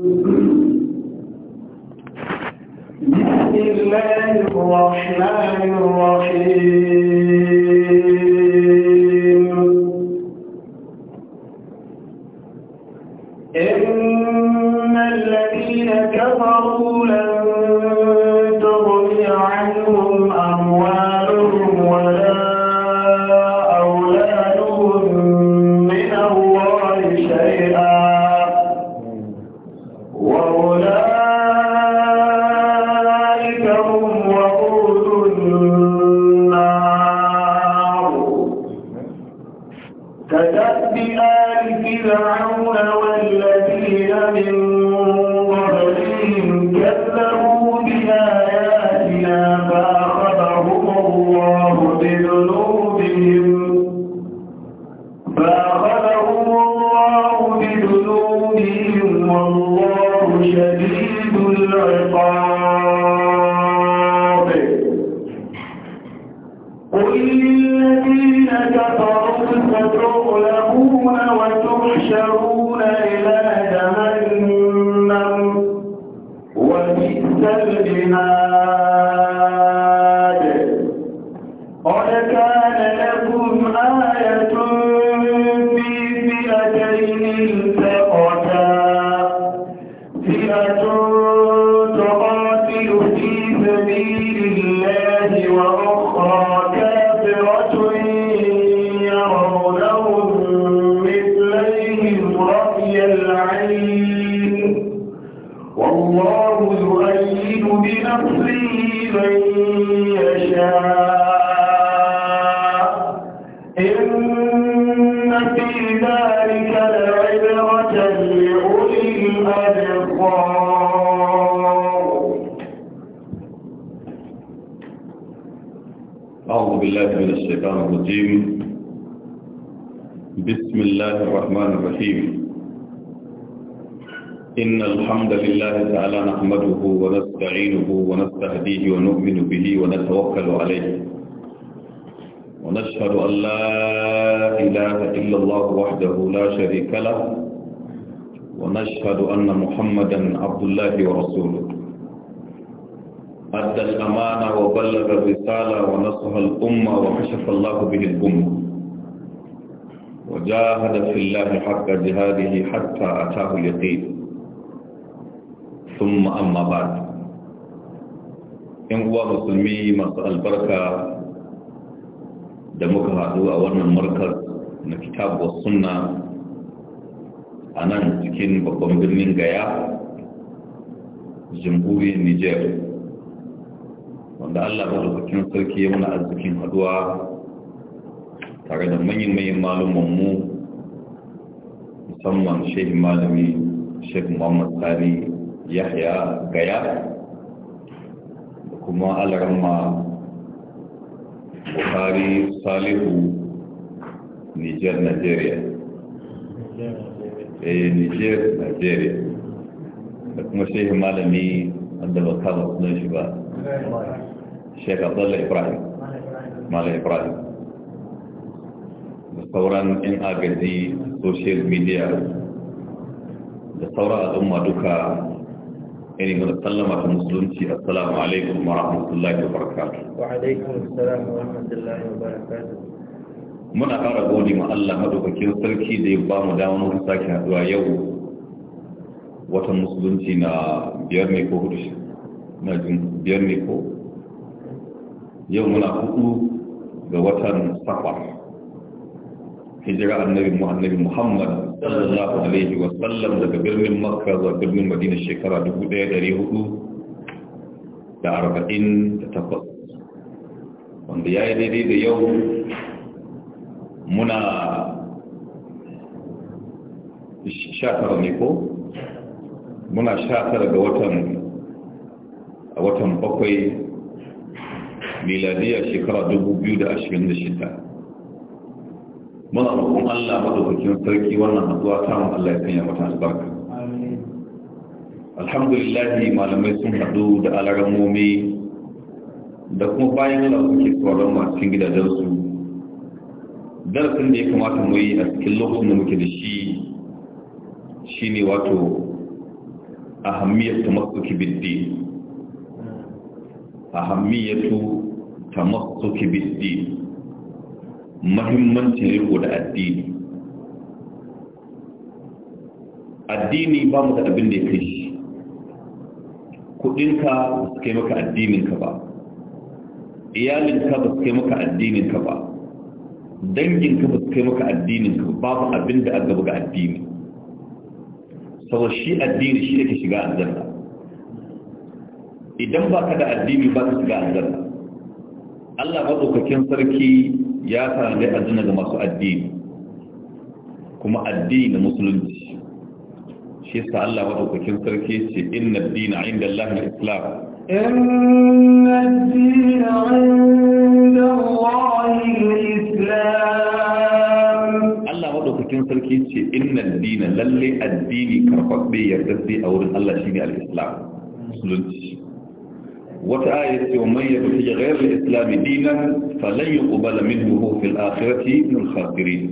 بسم الله الرحمن الرحيم الرجيم بسم الله الرحمن الرحيم إن الحمد لله تعالى نحمده ونستعينه ونستهديه ونؤمن به ونتوكل عليه ونشهد أن لا إله إلا الله وحده لا شريك له ونشهد أن محمدا عبد الله ورسوله أدى الأمانة وبلغ الرسالة ونصح الأمة وكشف الله به الأمة وجاهد في الله حق جهاده حتى أتاه اليقين ثم أما بعد إن هو مسلمي مسأل البركة da muka haɗu a wannan markar na kitabu sunna a nan cikin babban birnin gaya jamhuriyar niger wanda Allah ba da sarki ya mana arzikin haduwa tare da manyan manyan malumanmu musamman shehin malami sheikh muhammad sani yahya gaya da kuma alarma buhari salihu niger nigeria eh niger nigeria da kuma shehin malami wanda ba kama sunan shi ba Sheikh Abdullah Ibrahim Malam Ibrahim da sauran in agaji social media da sauran al'umma duka yani mana sallama ta musulunci assalamu alaikum wa rahmatullahi wa barakatuh wa alaikum assalam wa rahmatullahi wa barakatuh muna ƙara gode ma Allah madaukakin sarki da ya ba mu damar sake haɗuwa yau watan musulunci na biyar ne ko na biyar ko yau muna hudu ga watan safa hijira annabi mu annabi muhammad sallallahu alaihi wa sallam daga birnin makka zuwa birnin madina shekara 1448 wanda ya yi daidai da yau muna 19 ne ko muna 19 ga watan bakwai miladiya shekara 2026 muna roƙon Allah madaukakin sarki wannan haɗuwa ta mu Allah ya sanya mata albarka alhamdulillah malamai sun haɗu da alaramomi da kuma bayan Allah suke tsoron masu cikin gidajensu darasin da ya kamata mu yi a cikin lokacin da muke da shi shi ne wato ahammiyatu masuki biddi ahammiyatu tamassuki bid-din muhimmancin riko da addini addini ba mu da abin da ya kai shi kudinka ba su kai maka addininka ba iyalinka ba su kai maka addininka ba danginka ba su kai maka addininka ba ba abin da aka buga addini sau shi addini shi yake shiga aljanna idan ba ka da addini ba ka shiga aljanna Allah maɗaukakin sarki ya tanadi aljanna ga masu addini kuma addini musulunci shi yasa Allah maɗaukakin sarki ce inna ad-dina 'inda Allah al-islam inna ad-dina 'inda Allah al-islam Allah maɗaukakin sarki ce inna ad-dina lalle addini karfafe yarda sai a wurin Allah shine al-islam musulunci wata aya ce wa man yabtaji ghayra al-islam dinan falan yuqbal minhu fil akhirati min al-khasirin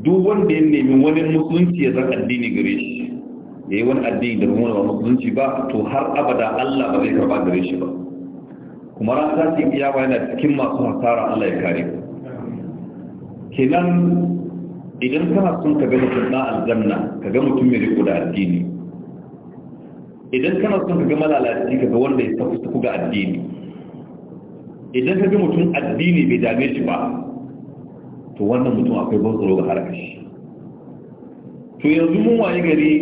duk wanda ya nemi wani musulunci ya zan addini gare shi ya yi wani addini da kuma ba musulunci ba to har abada Allah ba zai karba gare shi ba kuma ran sati kiyama yana cikin masu hasara Allah ya kare kenan idan kana son ka ga mutum na aljanna ka ga mutum mai riko da addini idan kana son ka ga malalaci ka ga wanda ya tafi su ga addini idan ka ga mutum addini bai dame shi ba to wannan mutum akwai ban tsoro ga harkar shi to yanzu mun waye gari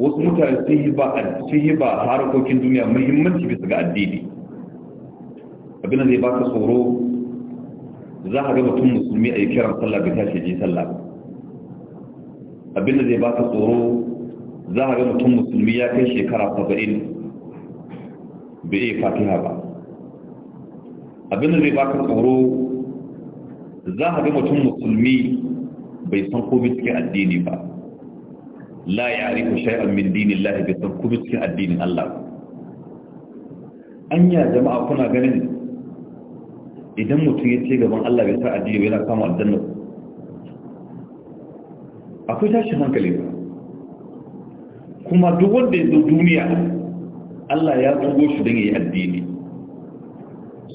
wasu mutane sun yi ba sun yi ba harkokin duniya muhimmanci bisa ga addini abin da zai baka tsoro za ka ga mutum musulmi a yi kiran sallah bai tashi ji sallah abin da zai baka tsoro za a ga mutum musulmi ya kai shekara saba'in bai iya fatiha ba abin da zai baka tsoro za a ga mutum musulmi bai san komai cikin addini ba la ya arifu shay'an min lahi bai san komai cikin addinin Allah anya jama'a kuna ganin idan mutum ya ce gaban Allah bai sa addini bai na samu aljanna akwai tashin hankali ba kuma duk wanda ya duniya Allah ya tsogo shi don ya yi addini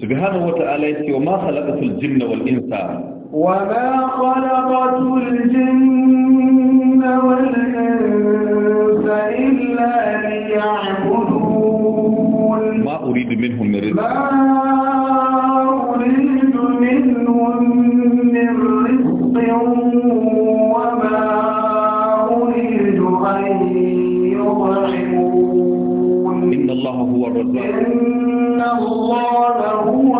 subhanahu wa ta'ala ce wa ma khalaqatul jinna wal insa wa ma khalaqatul jinna wal insa illa liya'budun ma uridu minhum min rizq ma uridu minhum min rizq هو الرزاق إن الله هو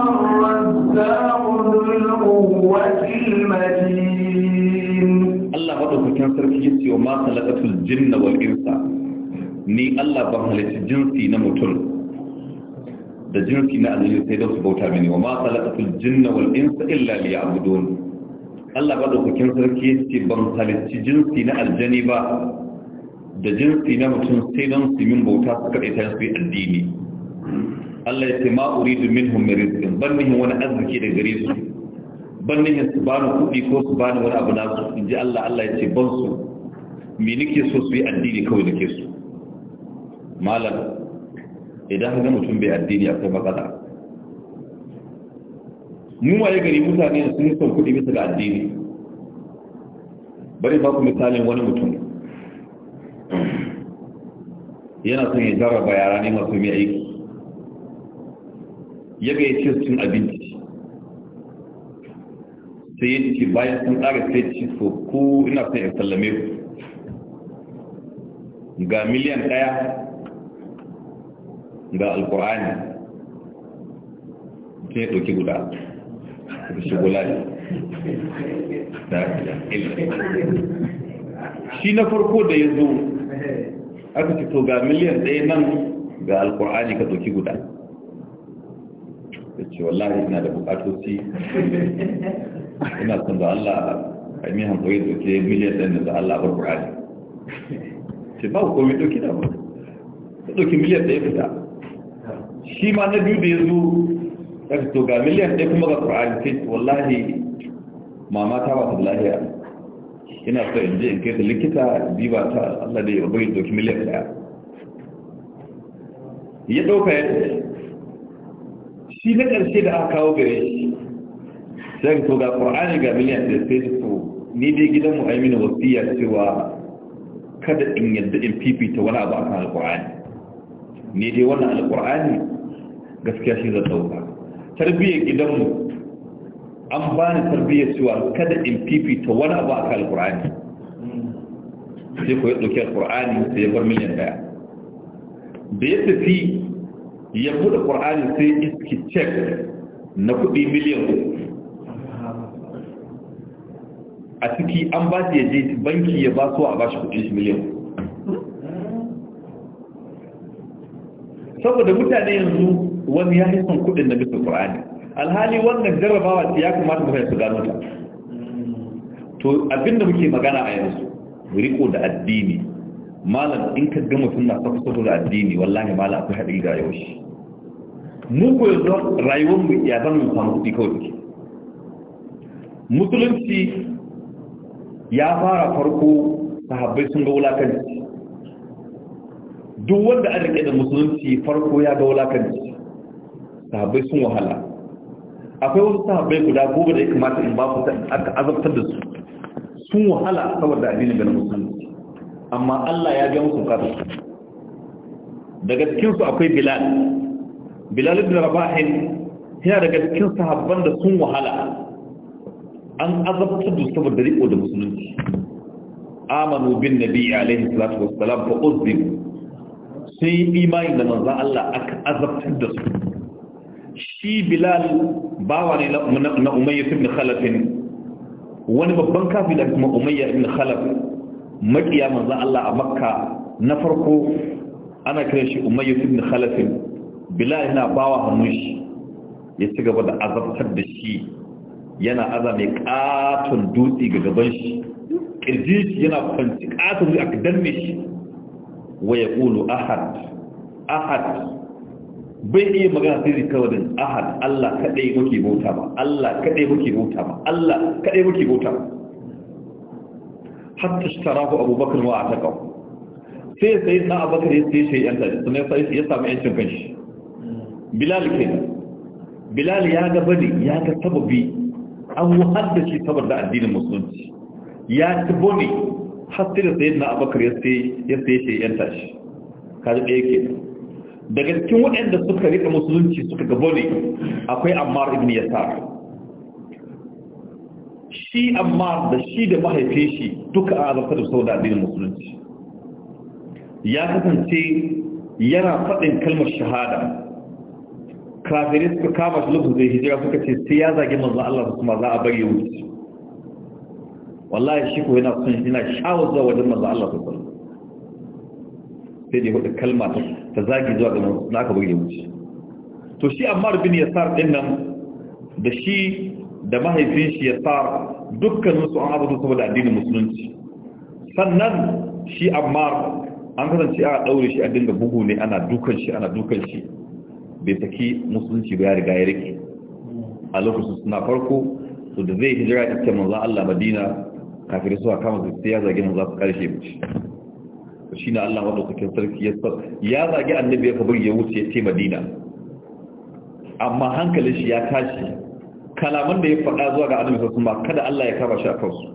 الرزاق ذو القوة المتين الله هذا كان سركي يسيو ما خلقت الجن والإنس ni Allah ban halitta jinsi na mutum da jinsi na aljini sai don su bauta mini wa ma khalaqatul jinna wal insa illa liya'budun Allah ba daukakin sarki yace ban halitta jinsi na aljani ba da jinsi na mutum sai don su min bauta su kaɗe ta su yi addini Allah ya ce ma uridu minhum min rizqin ban nihin wani arziki da gare su ban nihin su bani kuɗi ko su bani wani abu na su in ji Allah Allah ya ce ban su me nake so su yi addini kawai da ke su malam idan ka ga mutum bai addini akwai matsala mu waye gari mutane sun son kuɗi bisa ga addini bari ba ku misalin wani mutum yana son ya jarraba yara ne masu mai aiki ya ga ya abinci sai ya ce bayan sun tsara sai ci so ko ina son ya sallame ku ga miliyan ɗaya ga alkur'ani sai ya ɗauki guda da shigulari da shi na farko da ya zo aka ce to ga miliyan ɗaya nan ga alkur'ani ka doki guda da ce wallahi ina da bukatoci ina son da Allah a yi hankali doki miliyan ɗaya da Allah abar alkur'ani ce ba ku komi doki da ba ta doki miliyan ɗaya guda. shi ma na biyu da ya zo ga miliyan ɗaya kuma ga alkur'ani sai wallahi mama ta ba ta lahiya ina so in je in kai ta likita diba ta Allah da ya bai doki miliyan daya ya ɗauka ya shi na ƙarshe da aka kawo gare shi sai to ga Al-Qur'ani ga miliyan da sai su ni dai gidanmu a yi mini wasiya cewa kada in yadda in fifita wani abu akan alƙwar'ani ni dai wannan alƙwar'ani gaskiya shi zan ɗauka tarbiyyar gidanmu an ba ni tarbiyyar cewa kada in fifita wani abu a kan alkur'ani sai ku ya ɗauki alkur'ani sai ya bar miliyan daya da ya tafi ya buɗe alkur'ani sai iski cek na kuɗi miliyan uku a ciki an ba shi ya je banki ya ba su a ba shi kuɗin shi miliyan saboda mutane yanzu wani ya fi son kuɗin na bisa alkur'ani alhali wannan jarrabawa ya kamata mu su gano ta to abinda muke magana a yanzu riko da addini malam in ka ga mutum na saka saboda addini wallahi malam akwai haɗari ga yau shi mu ko yanzu rayuwar mu ya zama mu samu kuɗi kawai musulunci ya fara farko sahabbai sun ga wulakanci duk wanda an rike da musulunci farko ya ga wulakanci sahabbai sun wahala akwai wasu sahabbai guda goma da ya kamata in ba ku ta aka azabtar da su sun wahala saboda addinin ganin musulunci amma Allah ya biya musu bukatar su daga cikin su akwai Bilal Bilal ibn Rabah yana daga cikin sahabban da sun wahala an azabtar da su saboda riko da musulunci amanu bin nabi alaihi salatu wassalam fa uzbi sun yi imani da manzon Allah aka azabtar da su shi bilal bawa ne na umayya ibn khalaf wani babban kafin da kuma umayya ibn khalaf makiya manzan Allah a makka na farko ana kiran shi umayya ibn khalaf bilal yana bawa hannun shi ya ci gaba da azabtar da shi yana aza mai katon dutse ga gaban shi kirji shi yana kwanci katon zai a danne shi waya kulu ahad ahad bai iya magana sai kawai wadin ahad Allah kaɗai muke bauta ba Allah kaɗai muke bauta ba Allah kaɗai muke bauta ba hatta shi tara ku abubakar wa a taƙa sai sai na abubakar ya sai shi yanta sun ya samu yancin kanshi bilal ke bilal ya ga bane ya ga sababi an wahar da shi saboda addinin musulunci ya ci bane hatta da sai na abubakar ya sai shi yanta shi kaji ɗaya ke nan. daga cikin waɗanda suka riƙa musulunci suka gabo ne akwai ammar ibn yasar shi ammar da shi da mahaifin shi duka a azabta da sau da addinin musulunci ya kasance yana faɗin kalmar shahada kafirai suka kama shi lokacin zai hijira suka ce sai ya zage manzo Allah su kuma za a bari wuce wallahi shi ko yana son yana shawar zuwa wajen manzo Allah su sai dai hudu kalma ta ta zagi zuwa ga na aka bugi mu to shi ammar bin yasar din nan da shi da mahaifin shi yasar dukkan su an abudu saboda addinin musulunci sannan shi ammar an kasance a daure shi a dinga bugu ne ana dukan shi ana dukan shi bai saki musulunci ba ya riga ya rike a lokacin suna farko to da zai hijira ita manzo Allah Madina kafirai suka kama zai ya zagi za su karshe mu shi na Allah maɗaukakin sarki ya zagi annabi ya kabir ya wuce ya ce madina amma hankalin shi ya tashi kalaman da ya faɗa zuwa ga annabi sassu ma kada Allah ya kama shi a kansu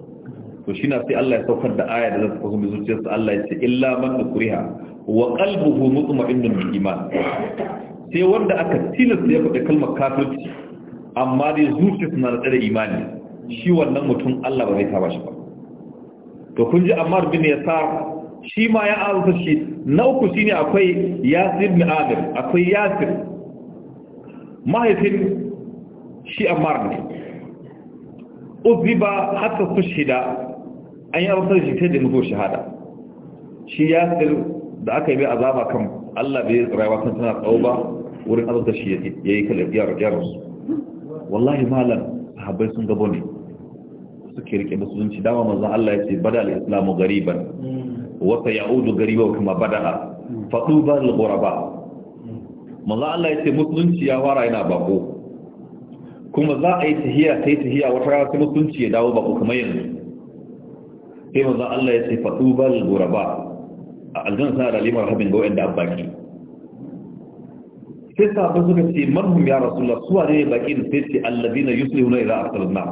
to shi na sai Allah ya saukar da aya da zata fahimci zuciyarsa Allah ya ce illa man da ukriha wa qalbuhu mutma'innun bil iman sai wanda aka tilasta ya faɗi kalmar kafirci amma dai zuciyarsa na da imani shi wannan mutum Allah ba zai kama shi ba to kun ji Ammar ya Yasar shi ma ya amsa shi na uku shi ne akwai Yasir na Amir akwai Yasir mahaifin shi Ammar ne uziba hatta tushhida an yi amsa shi sai da mutu shahada shi Yasir da aka yi azaba kan Allah bai rayuwa kan tana tsawo ba wurin azabta shi yayi kalar yar yar wallahi malam sahabbai sun gabo ne suke rike musulunci dama manzon Allah ya ce bada al-islamu gariban hmm. wata ya'udu gariba kuma bada'a faduba al-ghuraba manzo Allah yace musulunci ya fara yana bako kuma za a yi tahiya sai tahiya wata rana musulunci ya dawo bako kamar yanzu sai manzo Allah yace faduba al-ghuraba a aljanna sana da limar habin ga wanda abbaki sai sahabbai suka ce man manhum ya rasulullah su ne baki da sai ce alladina yuslihuna idza arsalna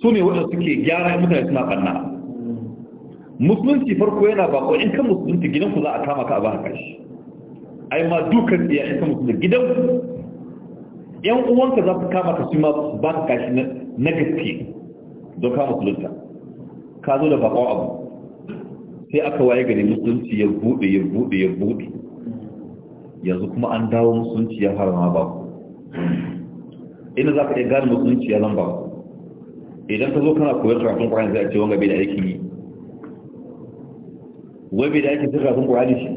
su ne wanda suke gyara mutane suna banna musulunci farko yana bako in ka musulunci gidanku za a kama ka a ba haka shi ai ma dukan tsiya in ka musulunci gidanku yan uwanka za su kama ka shi ma ba ka kashi na gaske don ka musulunta ka zo da bako abu sai aka waye gani musulunci ya buɗe ya buɗe ya buɗe yanzu kuma an dawo musulunci ya fara ma ba ku ina za ka iya gane musulunci ya zan bako idan ka zo kana koyar karatun kwanan zai a ce wanga bai da aikin yi wai bai da ake sirra sun ƙurani shi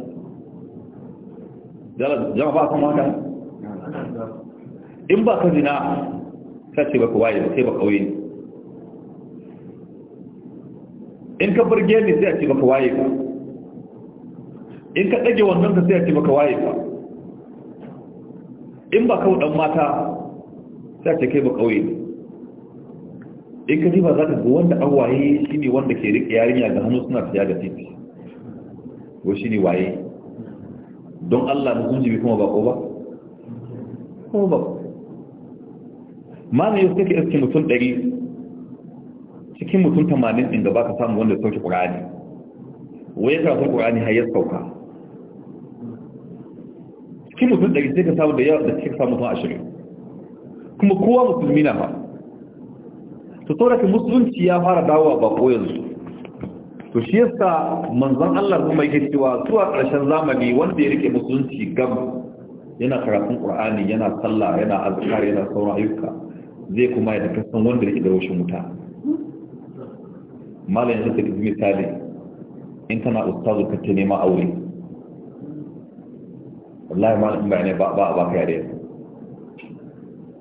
zama ba kan haka in ba ka zina ka ce ba kawai waye ba sai ba kawai ne in ka burge ne sai a ce ba kawai waye ba in ka ɗage wannan ka sai a ce ba kawai waye ba in ba kawai ɗan mata sai a ce kai ba kawai ne in ka ji ba za ka ga wanda an waye shi ne wanda ke riƙe yarinya ga hannu suna fiya da titi ko ne waye don Allah mutum jibi kuma bako ba kuma bako malayi suka ke iske mutum ɗari cikin mutum tamanin inda ba ka samu wanda sauke ƙura'ani wai ka sauke ƙura'ani har ya sauka cikin mutum ɗari sai ka samu da yawa da cikin samu mutum ashirin kuma kowa musulmi na ba to sauraka musulunci ya fara dawowa ba ko yanzu to shi yasa manzon Allah kuma yake cewa zuwa ƙarshen zamani wanda ya rike musulunci gam yana karatun Qur'ani yana sallah yana azkar yana sauran ayyuka zai kuma ya san wanda yake da roshin wuta malam yake da misali in kana ustazu ka tene ma aure wallahi malam ba ne ba ba ba ka yare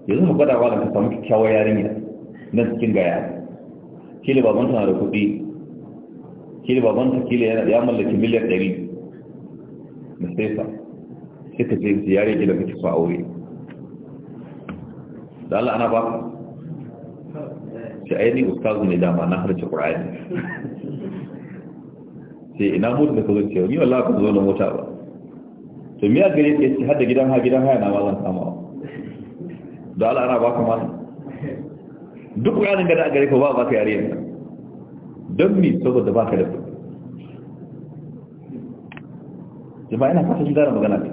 yanzu mu gada malam ka samu kyakkyawar yarinya nan cikin gaya kila babanta tana da kuɗi kila baban babanta kila yana ya mallaki miliyan ɗari na sefa sai ka je ziyarar gida kake so aure da Allah ana ba baka sai ai ni ustazu ne dama na harce Qur'ani sai ina mutu da kazo cewa ni wallahi ba zo na mota ba to me aka gare ke har da gidan ha gidan haya na ma zan samu da Allah ana ba ka ma duk wani da aka gare ka ba ba ka yare don mi saboda baka da kudi jama'a ina fata shi gara magana ne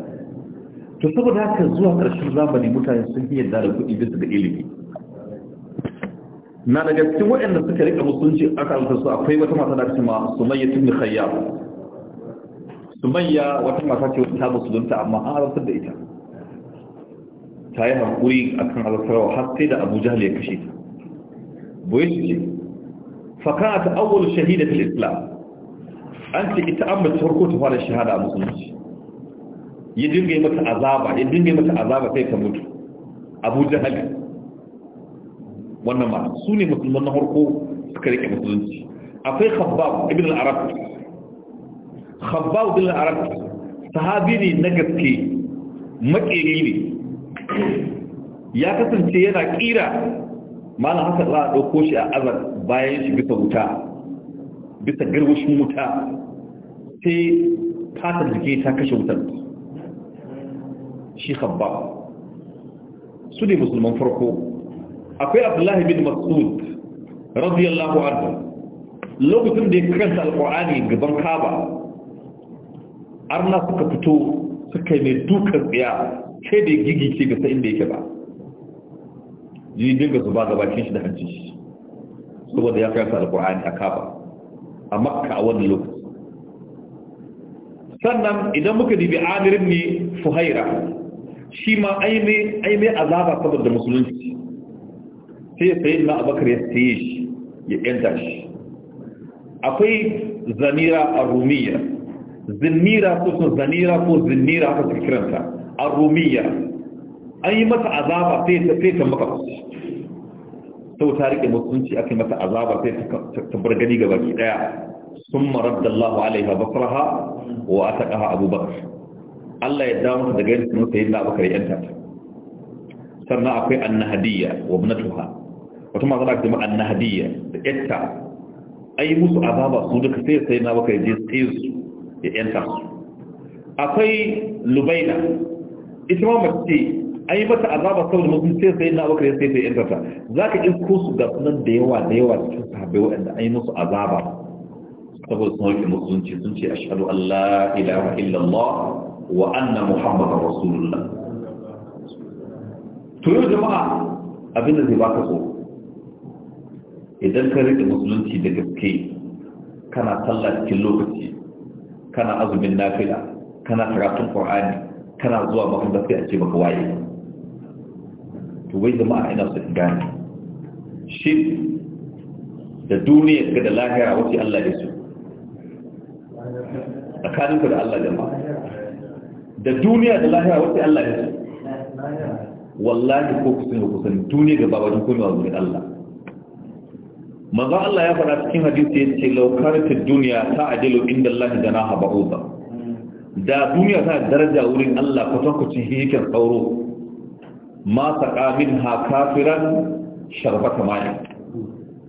to saboda haka zuwa ƙarshen zamani mutane sun fi yadda da kudi bisa da ilimi na daga cikin waɗanda suka rika musulunci aka alfa su akwai wata mata da cewa sumayya tun khayya sumayya wata mata ce wata su dunta amma an azabtar da ita ta yi hankuri akan azabtarwa har sai da abu jahal ya kashe ta boye shi فكانت ta شهيدة في الإسلام أنت ya تركوت فعل الشهادة المسلمين يدنجي متى yi يدنجي متى sai ta mutu أبو جهل wannan ma su ne musulman na harko suka rike musulunci akwai khabbab ibn al-arab khabbab ibn al-arab sahabi ne na gaske makeri ne ya kasance yana kira malam haka za a ɗauko shi a azar bayan shi bisa wuta bisa garwashin wuta sai fatar jike ta kashe wutar shi habba su ne musulman farko akwai abdullahi bin masud radiyallahu anhu lokacin da ya karanta alkur'ani gaban kaba arna suka fito suka yi mai dukan tsaya sai da ce ga sa'in da yake ba jirgin ga zuba gabashin shi da hancin shi saboda ya karanta alkur'ani a kaba a makka a wani lokaci sannan idan muka dibi amirin ne fuhaira shi ma aime azaba saboda musulunci sai sai na abakar ya saye shi ya yanta shi akwai zanira a rumiya zinnira ko sun zanira ko zinnira haka kiranta a rumiya an yi mata azaba sai ta maka kusa sau ta rike mutunci aka mata azaba sai ta bar gani ga baki daya sun maradda Allah alaiha basraha wa kaha abubakar Allah ya dawo da gani sun sai da abubakar yan ta sannan akwai annahadiyya wa ibnatuha wata ma zaka ce annahadiyya da yatta ai musu azaba su duka sai sai na abubakar je sai su ya yan akwai lubaina ita ma mace an yi mata azaba saboda mutum sai sai na abakar ya sai sai yantata za ka in ko su gasu nan da yawa da yawa cikin sahabbai waɗanda an yi musu azaba saboda sun hauke musulunci sun ce ashhadu an la ilaha illallah wa anna muhammadar rasulullah to yau jama'a abin da zai baka so idan ka rike musulunci da gaske kana sallah cikin lokaci kana azumin nafila kana karatun qur'ani kana zuwa makaranta sai a ce maka waye to wai jama'a ina su gane shi da duniya ga da lahira wace Allah ya so tsakaninku da Allah jama'a da duniya da lahira wace Allah ya su? wallahi ko kusan kusan duniya gaba wajen komewa wurin Allah manzo Allah ya fara cikin hadisi ya ce laukarta duniya ta ajilu inda Allah da na haɓa'uza da duniya ta daraja wurin Allah kwatankwacin hikin tsauro ma saƙa min ha kafiran sharbata mayan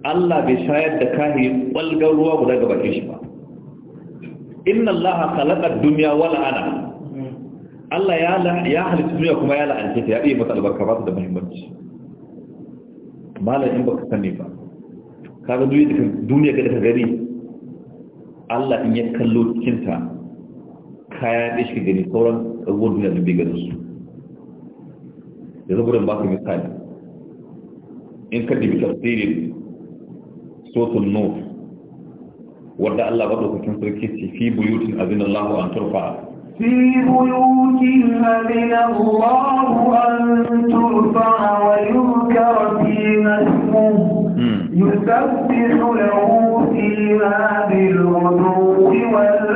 Allah bai shayar da kahiri ɓalgar ruwa guda ga bakin shi ba inna Allah khalaqa dunya wal ana Allah ya ya halitta duniya kuma ya la'anta ta ya yi mata albarka ba da muhimmanci Malamin in baka sani ba kaga duniya da duniya ga daga gari Allah in ya kallo cikin ta kaya da shi gani sauran abubuwan duniya da bai ganin su yanzu gudun ba su misali in ka dibi tafsirin sotun nur wadda Allah ba dokokin sarki ce fi buyutin azin Allah an turfa fi buyutin azin Allah an turfa wa yuzkar fi nasmu yusabbihu lahu fiha bil ghuduwi wal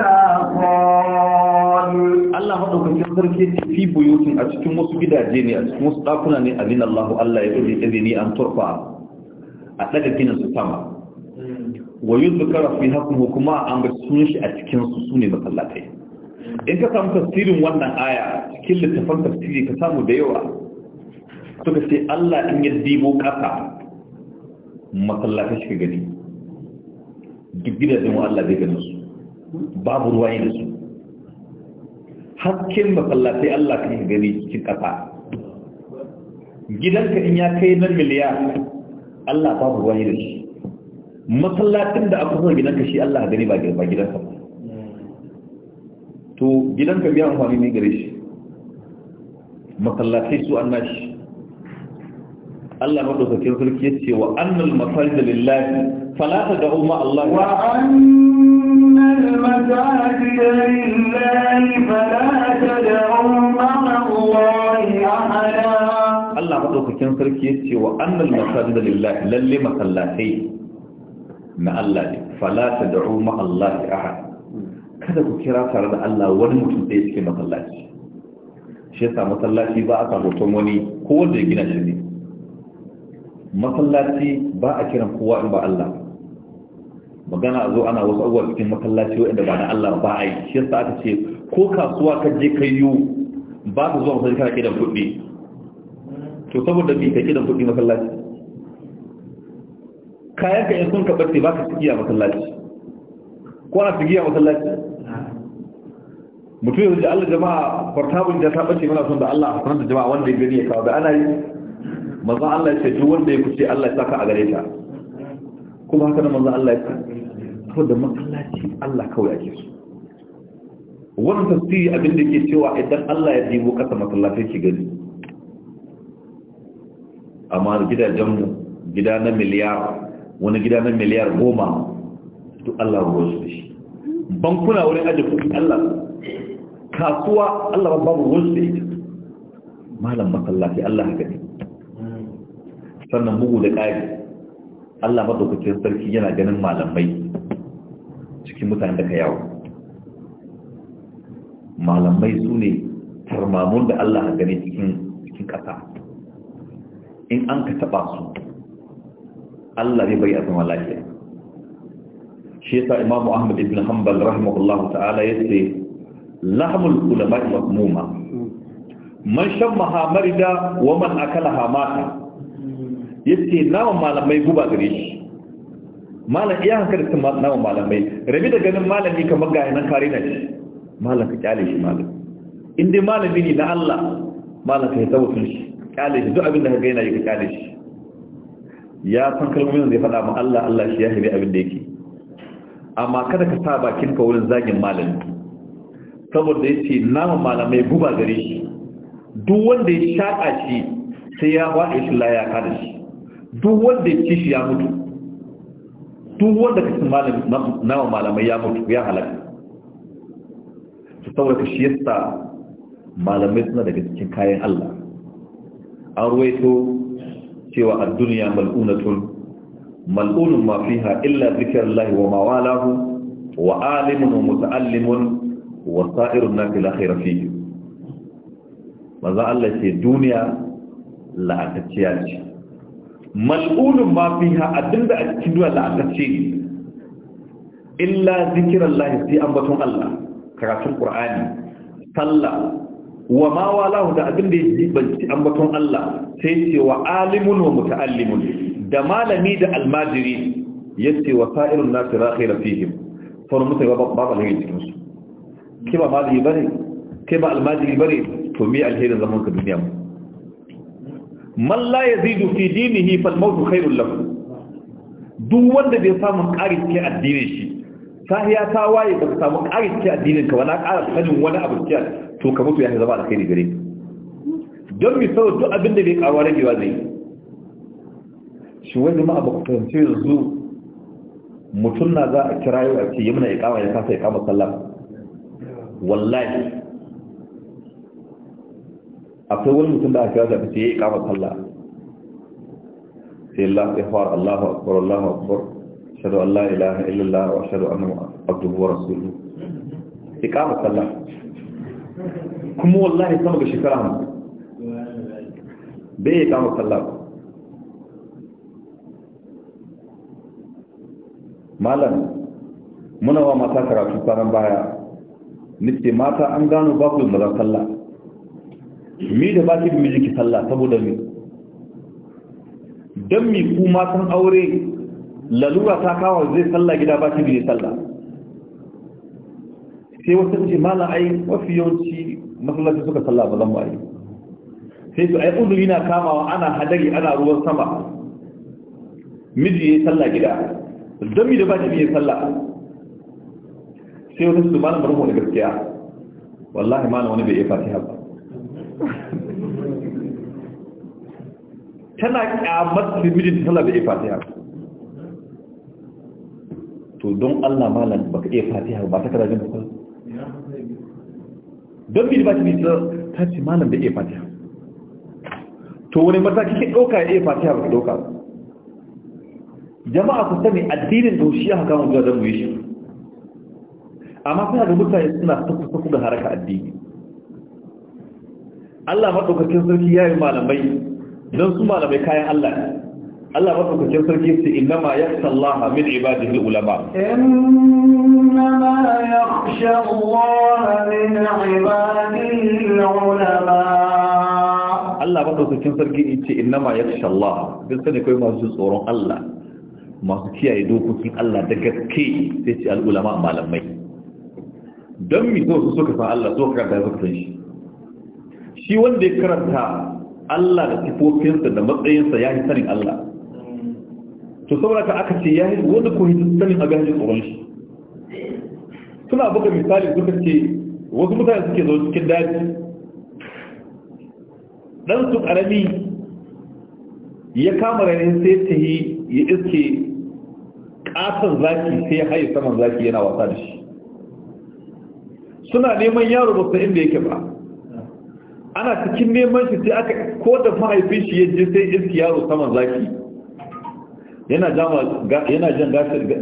sarki fi buyutin a cikin wasu gidaje ne a cikin wasu ɗakuna ne azin Allah Allah ya ɗaure izini an turfa a ɗaga ginin su sama wa yi zukara fi hakun hukuma an ga sun shi a cikin su su ne masallatai in ka samu tafsirin wannan aya cikin littafan tafsiri ka samu da yawa suka ce Allah in ya dibo ƙasa masallatai shi ka gani duk gidajen wa Allah zai ganin su babu ruwa yin da su hakkin masallatai Allah ka yi gani cikin ƙasa gidanka in ya kai na miliya Allah babu ruwan da shi masallacin da aka zuwa gidanka shi Allah gani ba gidanka ba to gidanka biya amfani ne gare shi masallatai su an nashi Allah madaukakin sarki ya ce wa annal da lillahi fala ta da'u ma Allah wa an مساجد لله فلا تدعوا مع الله أحدا Allah maɗaukakin sarki ya ce wa annal masajida lillahi lalle masallatai na Allah ne fala ta da'u ma Allah ahad kada ku kira tare da Allah wani mutum ɗaya cikin masallaci shi yasa masallaci ba a hoton wani ko wanda ya gina shi ne masallaci ba a kiran kowa in ba Allah magana a zo ana wasu abubuwa cikin masallaci wa'anda ba na Allah ba a yi shi yasa aka ce ko kasuwa ka je ka yi ba ka zuwa masallaci kana kidan kuɗi to saboda bi ka kidan kuɗi masallaci kayan ka in sun ka barce ba ka tsigiya masallaci ko ana tsigiya masallaci mutum yanzu Allah jama'a portable da ta bace mana son da Allah a sanar da jama'a wanda ya gani ya kawo da ana yi maza Allah ya ce duk wanda ya kuce Allah ya saka a gare ta kuma haka da manzan Allah ya ce da masallaci Allah kawai ake su Wannan tafsiri abin da ke cewa idan Allah ya dibo kasa masallatai ki gani amma gidajenmu gida na miliyar wani gida na miliyar goma duk Allah ruwa su da shi bankuna wurin ajiye kuɗi Allah kasuwa Allah ba babu ruwa su da ita malam masallaci Allah ya gani. sannan bugu da ƙari Allah maɗaukacin sarki yana ganin malamai cikin mutane da ka yawo malamai su ne tarmamun da Allah gane cikin ƙasa in an ka taɓa su Allah zai bari a zama lafiya shi yasa imamu ahmad ibn hanbal rahimahullah ta'ala ya ce lahmul ulama muma man shammaha marida wa man akalaha hamata yace naman malamai guba gare shi malam iya hankar da naman malamai rabi da ganin malami kamar ga nan kare na shi malam ka kyale shi malam in dai malami ne na Allah malam ka yasa wutul shi kyale shi duk abin da ka ga yana yi ka kyale shi ya san kalmomin da ya faɗa ma Allah Allah shi ya hibe abin da yake amma kada ka sa bakin ka wurin zagin malami saboda yace naman malamai guba gare shi duk wanda ya shaka shi sai ya wa'ishi shi ya kada shi duk wanda ya ci shi ya mutu duk wanda ka ci nawa malamai ya mutu ya halaka su saboda shi yasta malamai suna daga cikin kayan Allah an ruwaito cewa a duniya mal'unatun mal'unun ma fiha illa zikir Allah wa mawalahu wa alimun wa muta'allimun wa sa'irun na fila khaira fiye maza Allah ce duniya la'atacciya ce mal'ulun ma fiha abinda a cikin da duwar la'akacce illa zikirar lahi sai ambaton Allah karatun ƙur'ani sallah wa ma walahu da abinda ya jibanci ambaton Allah sai ce wa alimun wa muta'allimun da malami da almajiri yace wa sa'irun nasu rakhira fihim sauran mutane babu alheri cikin su ke ba malami bane ke ba almajiri bane to me alherin zaman ka duniya mu man la yazidu fi dinihi fal mautu khairul lahu duk wanda bai samu ƙari ke addinin shi sahiya ta waye ba samu ƙari ke addinin ka wala ƙara sanin wani abu ke to ka mutu ya zama alkhairi gare ka don mi sau duk abin da bai ƙaruwa ragewa zai yi shi wani ma abu kusance yanzu mutum na za a kira yau a ce yi ya ikama ya kasa kama sallah wallahi akwai wani mutum da aka yaza ta ce ya yi kama sallah sai Allah ya fara Allahu akbar Allahu akbar ashhadu an la ilaha illallah wa ashhadu anna abduhu wa rasuluhu ya kama sallah kuma wallahi sama ga shekara hamsin bai ya kama sallah ba malam muna wa mata karatu kwanan baya nake mata an gano babu mazan sallah mi da ba ki da mijiki sallah saboda mi don mi ku matan aure lalura ta kawo zai sallah gida ba ki da sallah sai wata ce mala ai mafi yawanci masallaci suka sallah ba zan ba ai sai su ai uzuri na kamawa ana hadari ana ruwan sama miji ya sallah gida don mi da ba ki da sallah sai wata su malam barko da gaskiya wallahi malam wani bai yi fatiha ba tana kyamar limidin tana da ifatiya fatiha to don allah malam baka iya fatiha ba ta kada jin kuka don bi ba ta nisa ta ce malam da iya fatiha to wani mataki ke ɗauka ya iya fatiha ba ka ɗauka jama'a ku sani addinin taushiya haka mu ga don mu yi shi amma kuna da mutane suna sakusaku da haraka addini Allah madaukakin sarki ya yi malamai don su malamai kayan Allah Allah madaukakin sarki ce inna ma yakhsha Allah min ibadihi ulama inna ma yakhsha Allah min ibadihi ulama Allah madaukakin sarki in ce inna ma yakhsha Allah bin sani kawai masu tsoron Allah masu kiyaye dokokin Allah da gaske sai ce al malamai don mi so suka san Allah so ka ga suka san shi shi wanda ya karanta Allah da tifofinsa da matsayinsa ya yi sanin Allah to saboda ka aka ce ya yi wanda ko sanin a gajin tsoron shi suna buga misali suka ce wasu mutane suke zo cikin daji dan su karami ya kama ranar sai ta yi ya iske ƙasar zaki sai ya haye saman zaki yana wasa da shi suna neman yaro ba inda yake ba ana cikin neman shi sai aka ko da mahaifin shi ya je sai iski yaro saman zaki yana yana jan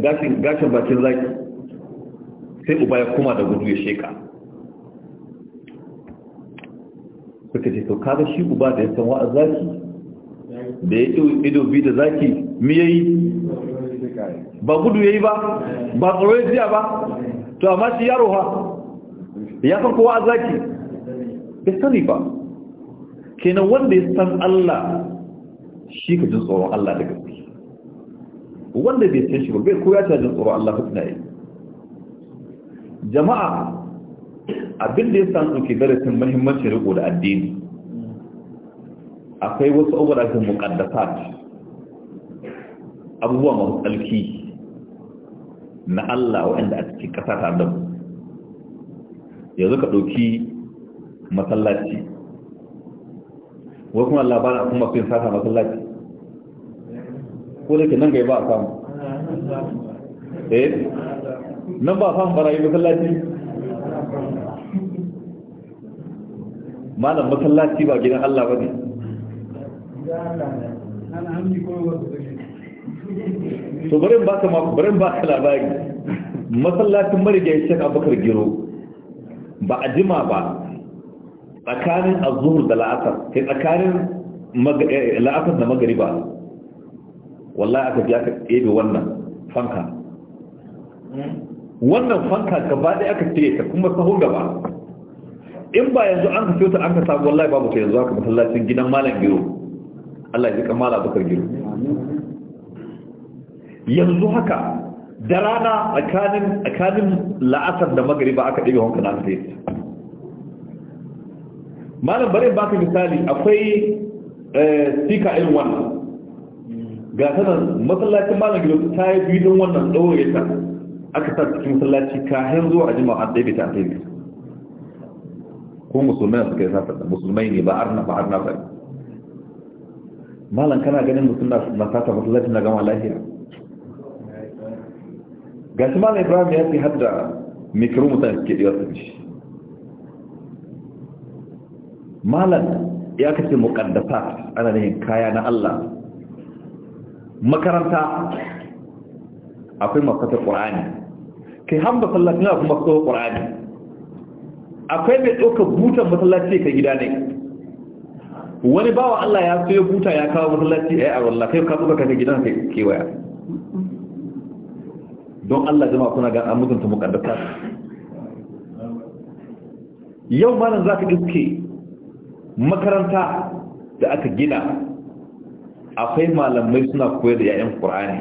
gashin gashin bakin zaki sai uba ya kuma da gudu ya sheka suka ce to kada shi uba da ya san wa'a zaki da ya ido bi da zaki mi yayi ba gudu yayi ba ba tsoro ya ba to amma shi yaro ha ya san kowa zaki bai sani ba kenan wanda ya san Allah shi ka jin tsoron Allah da gaske wanda bai san shi ba bai koya ta jin tsoron Allah hukuna yi jama'a abin da ya san tsoke darasin muhimmanci riko da addini akwai wasu abubuwan muqaddasat abubuwa masu tsalki na Allah wa'anda a cikin ƙasa ta yanzu ka ɗauki masallaci wai kuma labarin a kuma fin sata masallaci ko da ke nan gai ba a samu eh nan ba a samu barayi masallaci malam masallaci ba gidan Allah ba ne to barin ba ka barin ba ka labari masallacin marigayi shek abokar giro ba a jima ba tsakanin Azur da la'asar sai tsakanin eh, eh, la'asar da magariba wallahi aka biya aka ɗebe wannan fanka wannan fanka ka ba ɗaya aka ce ka kuma sahun gaba in ba yanzu an ka fiyota an ka sabu wallahi babu ta yanzu aka masallacin gidan malam giro Allah ya ji kamala bakar giro yanzu haka da rana tsakanin la'asar da magariba aka ɗebe hankali na sai malam bari ka misali akwai eh, sika irin wannan ga sanar masallacin malam gido ta yi don wannan ɗaure ta aka sa cikin masallaci kayan zuwa a jima'a ɗaya bai ta ɗaya ko musulmai na suka yi sata da musulmai ne ba arna ba arna ba malam kana ganin mutum na sata masallaci na gama lafiya ga shi malam ibrahim ya fi hadda mikro mutane suke ɗiwa su malam ya kace muqaddasa ana ne kaya na Allah makaranta akwai mafata qur'ani kai hamba masallaci na kuma mafata qur'ani akwai mai ɗaukar butan masallaci ka gida ne wani bawa Allah ya so ya buta ya kawo masallaci ai eh, a wallahi kai ka buka ka gidan kai kewaya don Allah jama'a kuna ga an mutunta muqaddasa yau malam zaka duke makaranta da aka gina akwai malamai suna koyar da yayan Al-Qur'ani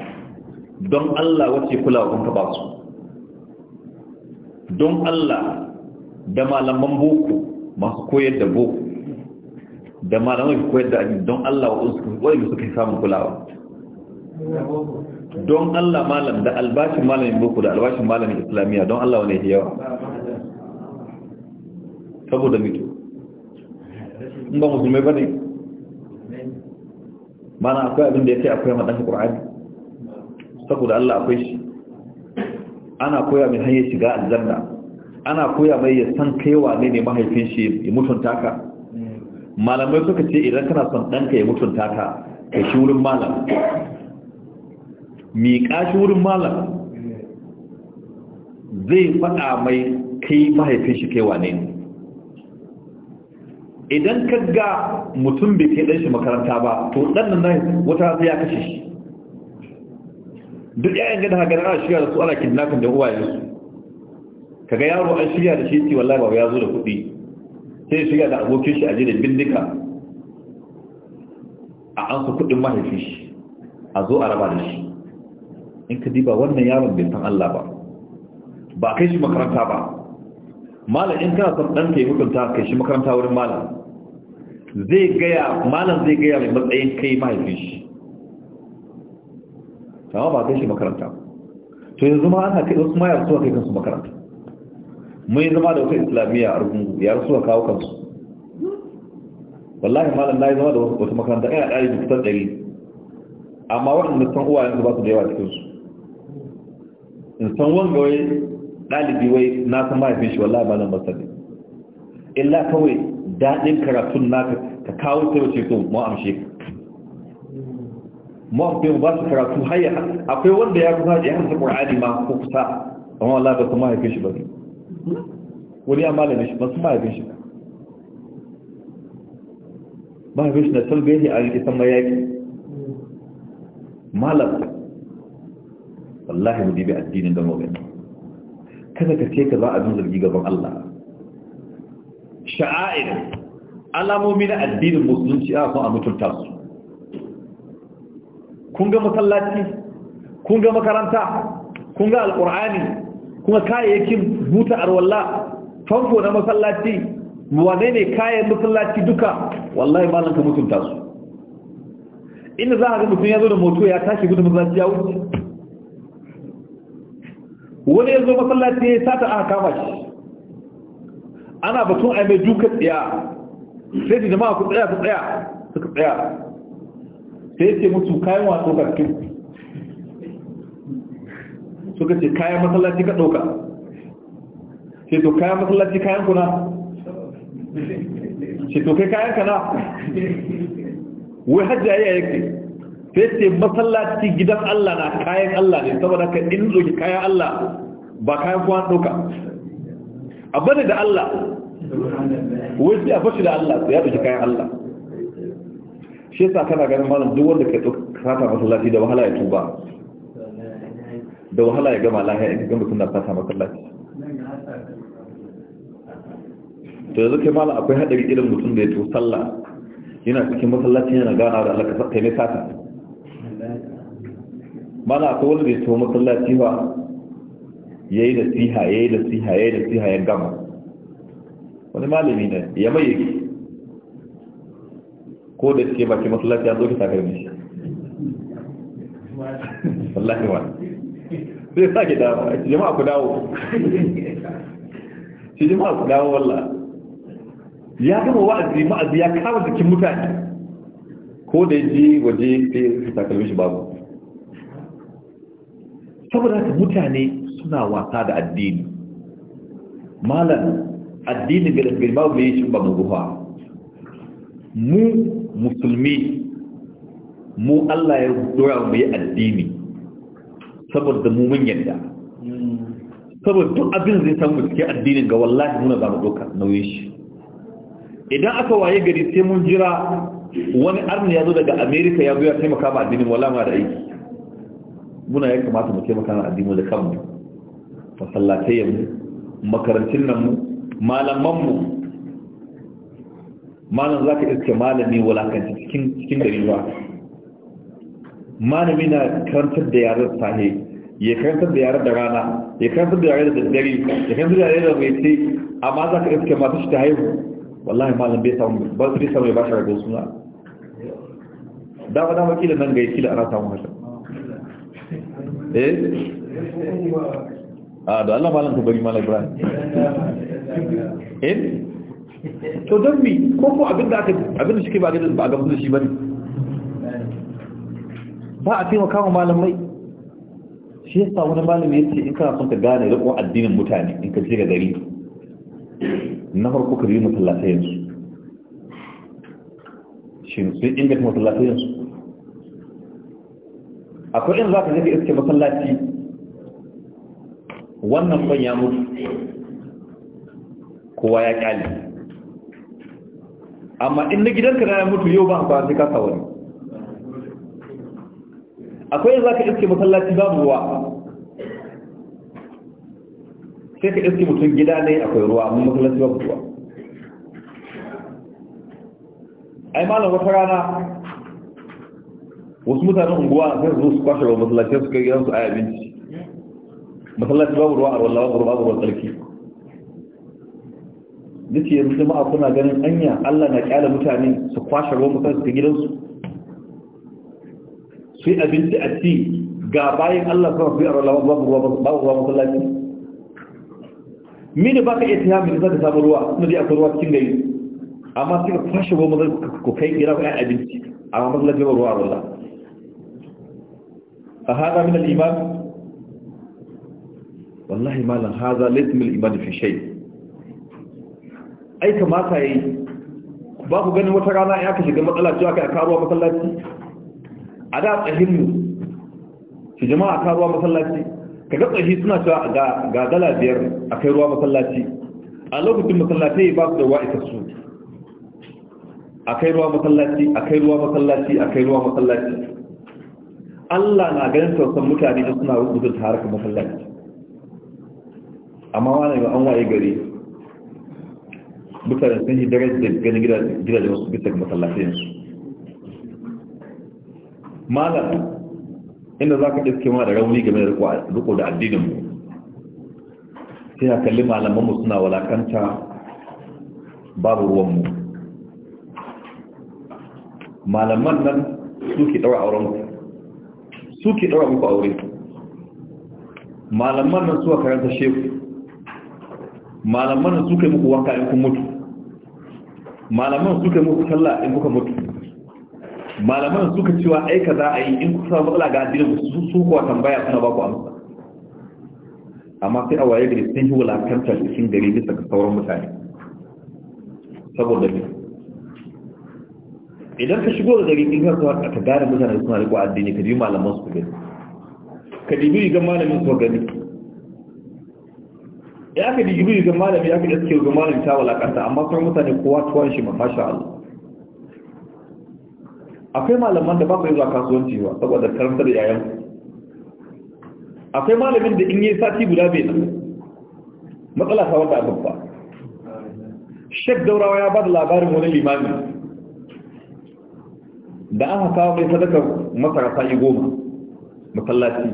don Allah wace kulawa kun ba su don Allah da malaman boko masu koyar da boko da malaman su koyar da abin don Allah waɗanda suka yi samun kulawa don Allah malam da albashin malamin boko da albashin malamin islamiyya don Allah wane yawa saboda mito ba musulmai ba ne mana akwai abin da ya ce akwai maɗansa ƙur'ani saboda Allah akwai shi ana koya mai hanyar shiga aljanna ana koya mai ya san kaiwa ne ne mahaifin shi ya mutunta ka malamai suka ce idan kana son ɗanka ya mutunta ka ka shi wurin malam miƙa shi wurin malam zai faɗa mai kai mahaifin shi kaiwa ne ne idan ka ga mutum bai kai ɗanshi makaranta ba to ɗannan nan wata zai ya kashe shi duk yayin gada haka ana shirya da su ana kidnapping da Ka ga yaro an shirya da shi ce wallahi ba ya zo da kuɗi sai shirya da abokin shi a jirin bindika a an su kuɗin mahaifin shi a zo a raba da shi in ka diba wannan yaron bai san Allah ba ba kai shi makaranta ba malam in kana son ɗanka yi hukunta kai shi makaranta wurin malam zai gaya malam zai gaya mai matsayin kai mahaifin shi sama ba kai shi makaranta to yanzu ma ana kai wasu mayar suwa kai kansu makaranta mun yi zama da wata islamiyya a rukungu ya rasuwa kawo kansu wallahi malam na yi zama da wata makaranta ina ɗari da kusan ɗari amma wani san uwa yanzu ba su da yawa cikin su in san wanga wai ɗalibi wai na san mahaifin shi wallahi malam ba ne. illa kawai daɗin karatun naka ka kawo ta wace to mu amshe mu ba su karatu haya akwai wanda ya kusa ya hasa qur'ani ma ko kusa amma Allah ba su mahaifin shi ba wani amma da shi ba su mahaifin shi mahaifin shi na salbe ne a rikisan mayaki malam wallahi mu dibi addinin da mu kada ka ce ka za a zan zargi gaban Allah sha'a'ir alamomi na addinin musulunci a son a mutunta su kun ga masallaci kun ga makaranta kun ga alkur'ani kuma kayayyakin buta arwalla famfo na masallaci wane ne kayan masallaci duka wallahi malam ka mutunta su inda za a ga mutum ya zo da moto ya tashi gudun masallaci ya wuce wani ya zo masallaci ya sata aka kama shi ana batun ai mai duka tsaya sai da jama'a ku tsaya ku tsaya suka tsaya sai yake musu kayan wasu karfin suka ce kayan masallaci ka ɗauka sai to kayan masallaci kayan kuna sai to kai kayan kana wai hajji ayi yake sai ce masallaci gidan Allah na kayan Allah ne saboda ka in ɗauki kayan Allah ba kayan kuwa ɗauka a bane da Allah wai a fashi da Allah ya ɗauki kayan Allah shi yasa kana ganin malam duk wanda ke kata masallaci da wahala ya tuba da wahala ya gama lahiya in ga mutum na kata masallaci to yanzu kai malam akwai haɗari irin mutum da ya tuba sallah yana cikin masallaci yana gana da Allah ka kai ne sata malam akwai wanda ya tuba masallaci ba ya yi nasiha ya yi nasiha ya yi nasiha ya gama wani malami ne ya mai yake ko da ke baki masallaci ya zo ki sakar mishi wallahi wa sa sake dawo shi jama'a ku dawo shi jama'a ku dawo wallah ya gama wa'azi ma'azi ya kama jikin mutane ko da ya waje sai sakar mishi babu saboda mutane suna wasa da addini malam addinin girma bai shi ba mu mu musulmi mu Allah ya dora mu yi addini saboda mu mun yadda saboda duk abin zai samu cikin addinin ga wallahi nuna za mu doka nauyin shi idan aka waye gari sai mun jira wani arni ya zo daga amerika ya zo ya taimaka ma addinin wala ma da aiki muna ya kamata mu taimaka ma addinin da kanmu masallatayenmu makarantun nan mu malamanmu malam za ka iske malami walakanci cikin gari ba malami na karantar da yaran sahi ya karantar da yare da rana ya karantar da yare da dare ya karantar da yare da mai ce amma za ka iske masu shi ta haihu wallahi malam bai samu ba su bai samu ya ba rago suna dama dama kila nan ga ya kila ana samun haka eh a ah, da Allah malam ko bari malam Ibrahim eh to don mi ko ko abin da aka abin da shi ba ga ba ga musu shi bane ba a taimaka wa malamai shi yasa wani malami yace in kana son ka gane rikon addinin mutane in ka je ga gari na farko ka yi masallatayen su shin sun inganta masallatayen su akwai in za ka je ka iske masallaci wannan ban ya mutu kowa ya kyale amma in na gidanka na ya mutu yau ba amfani sai kasa wani akwai za ka iske masallaci babu ruwa sai ka iske mutum gida ne akwai ruwa amma masallaci babu ruwa ai malam wata rana wasu mutanen unguwa sai su zo su kwashe wa masallaci su kai gidansu a abinci masallaci babu ruwa a wallawa babu babu ruwan tsarki duk yanzu jama'a kuna ganin anya Allah na kyala mutane su kwashe ruwan mutane su gidansu su yi abinci a ci ga bayan Allah kuma su yi a wallawa babu ruwa babu masallaci mini ba ka iya tiya mini zaka samu ruwa kuma dai akwai ruwa cikin gari amma suka kwashe ruwan mutane ku kai gida ku yi abinci amma masallaci babu ruwa a wallawa a hada min al-iman wallahi malam haza laysa min fi shay ai kamata yi ba ku ganin wata rana ya ka shiga matsala cewa kai karuwa masallaci a da tsahin mu shi jama'a karuwa masallaci ka ga tsahi suna cewa ga ga dala biyar a kai ruwa masallaci a lokacin masallatai ba su da wa'ita su a kai ruwa masallaci a kai ruwa masallaci a kai ruwa masallaci Allah na ganin tausan mutane da suna rubuta harkar masallaci amma wani ga an waye gari mutane sun yi darajar ganin gidajen wasu bisa ga su malam inda za ka iske ma da rauni game da riko da addininmu sai ya kalli mu suna walakanta babu ruwanmu malaman nan suke ɗaura ku suke ɗaura muku aure malaman nan suwa karanta sheku malaman su kai muku wanka in kun mutu malaman su kai muku sallah in kuka mutu malaman suka cewa ai kaza a yi in kusa matsala ga addinin su su kuwa tambaya suna ba ku amsa amma sai a waye gari sun yi wulakantar cikin gari bisa ga sauran mutane saboda ne idan ka shigo da gari in ka zuwa ka gane mutane suna riƙo addini ka ji malaman su gani ka dibi rigar malamin su gani ya ka da jibril ga malami ya da suke ga malami ta walakanta amma kuma mutane kowa tuwon shi ma masha Allah akwai malaman da ba su yi zuwa kasuwanci ba saboda karanta da yayan akwai malamin da in yi sati guda bai nan matsala ta wata abin ba shek daurawa ya ba da labarin wani limami da aka kawo mai sadaka, masara yi goma masallaci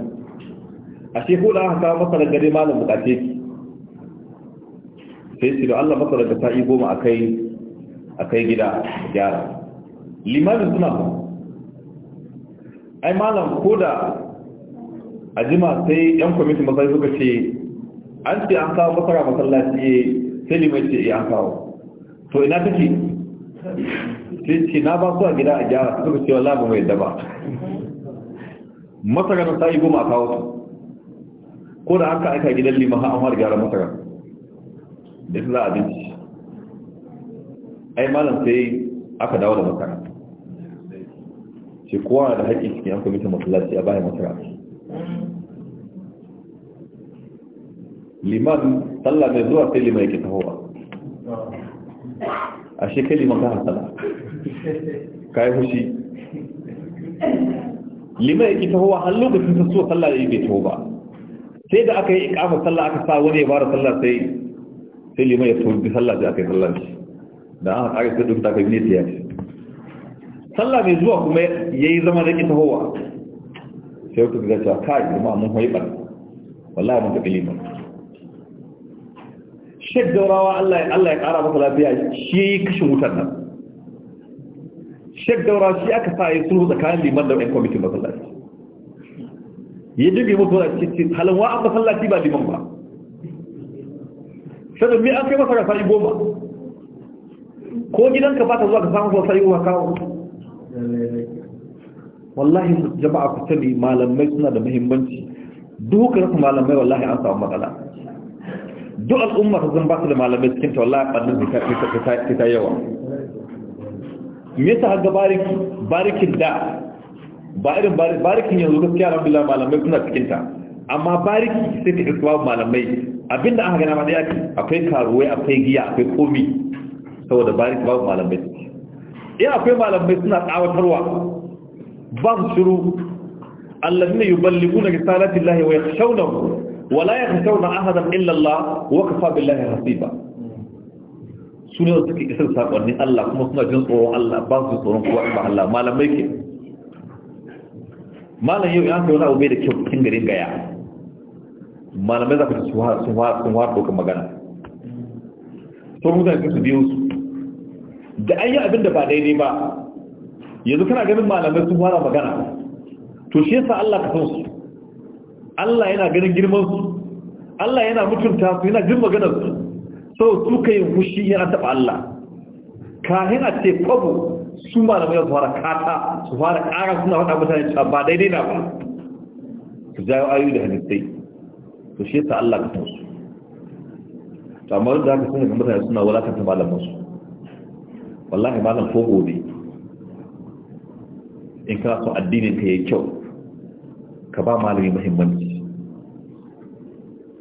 a shekula aka kawo masara gare malam bukace ki sai su da Allah masa daga sa'i goma a kai gida gyara limanin suna ba ai malam ko da a jima sai yan kwamitin masarai suka ce an ce an kawo masara masallaci eh, sai limai ce eh, an kawo to ina take sai ce na ba su a gida a gyara suka ce wallah ba mai daba masarai na sa'i goma a kawo su ko da haka aika gidan liman an har gyara masarai da su za abinci ai malam sai aka dawo da makara shi kowa da haƙi cikin yan kwamitin masallaci a bayan makara liman sallah mai zuwa sai liman yake tahowa a shekai liman ka hasala ka yi hushi liman yake tahowa har lokacin sun so sallah da bai taho ba sai da aka yi ikafar sallah aka sa wani ya fara sallah sai sai liman ya tobi sallah da aka yi sallah shi da aka kare sai duk takalmi ne ta yaci sallah mai zuwa kuma ya yi zama da ita hawa sai wata ga cewa kai jama'a mun haibar wallahi mun tafi liman shek daurawa Allah Allah ya kara masa lafiya shi yi kashin wutar nan shek daurawa shi aka sa yi sulhu tsakanin liman da ɗan kwamitin masallaci ya dubi mutuwa cikin halin wa'an masallaci ba liman ba sanin me an kai masa rasa'i goma ko gidanka ba ta zuwa ka samu rasa'i goma kawo wallahi jama'a ku tabi malamai suna da muhimmanci duk ka malamai wallahi an samu matsala duk al'umma ta zan ba su da malamai cikin ta wallahi ɓannin ta yawa me yasa har bariki? barikin da ba irin barikin yanzu gaskiya alhamdulillah malamai suna cikin ta amma bariki sai ka iswa malamai Abin da aka gana ma ya ake akwai karuwai akwai giya akwai komi saboda barik babu malamai ya akwai malamai suna tsawatarwa ba su shiru allazina yuballighuna risalati llahi wa yakhshawnahu wa la yakhshawna ahadan illa illallah, wa kafa billahi hasiba sune da suke isar sakonni Allah kuma suna jin tsoron Allah ba su tsoron kuwa ba Allah malamai ke malam yau ya kai wani abu bai da kyau cikin garin gaya malamai za ku ji sun fara ɗaukar magana sauran mutane su biyu su da an yi abin da ba daidai ba yanzu kana ganin malamai sun fara magana to shi yasa Allah ka san su Allah yana ganin girman su Allah yana mutunta su yana jin maganar su sau su ka yi fushi yana taɓa Allah kahin a ce kwabo su malamai su fara kata su fara ƙara suna faɗa mutane ba daidai na ba su jawo ayu da hannun to shi ta Allah ka tausu to amma da ka sani kamar mutane suna ta malam musu wallahi malam ko gobe in ka so addinin ka yayi kyau ka ba malami muhimmanci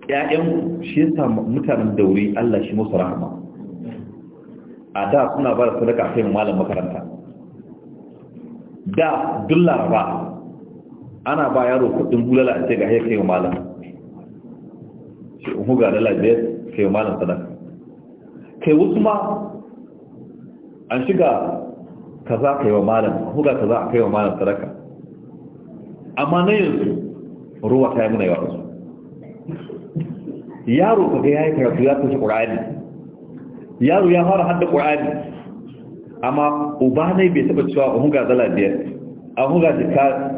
ƴaƴan shi ta mutanen dauri Allah shi musu rahama a da suna ba da sadaka a kai malam makaranta da dullar ba ana ba yaro kudin bulala a ce ga ya malama. malam Muga da dala biyar kai wa sadaka kai wasu ma an shiga kaza yi wa malam ka za ka yi wa malam sadaka amma na yanzu ruwa ta yi muna yawa su yaro kaga ya yi karatu ya kushe ƙura'ani yaro ya fara hada ƙura'ani amma uba ne bai taɓa cewa a muga dala biyar a muga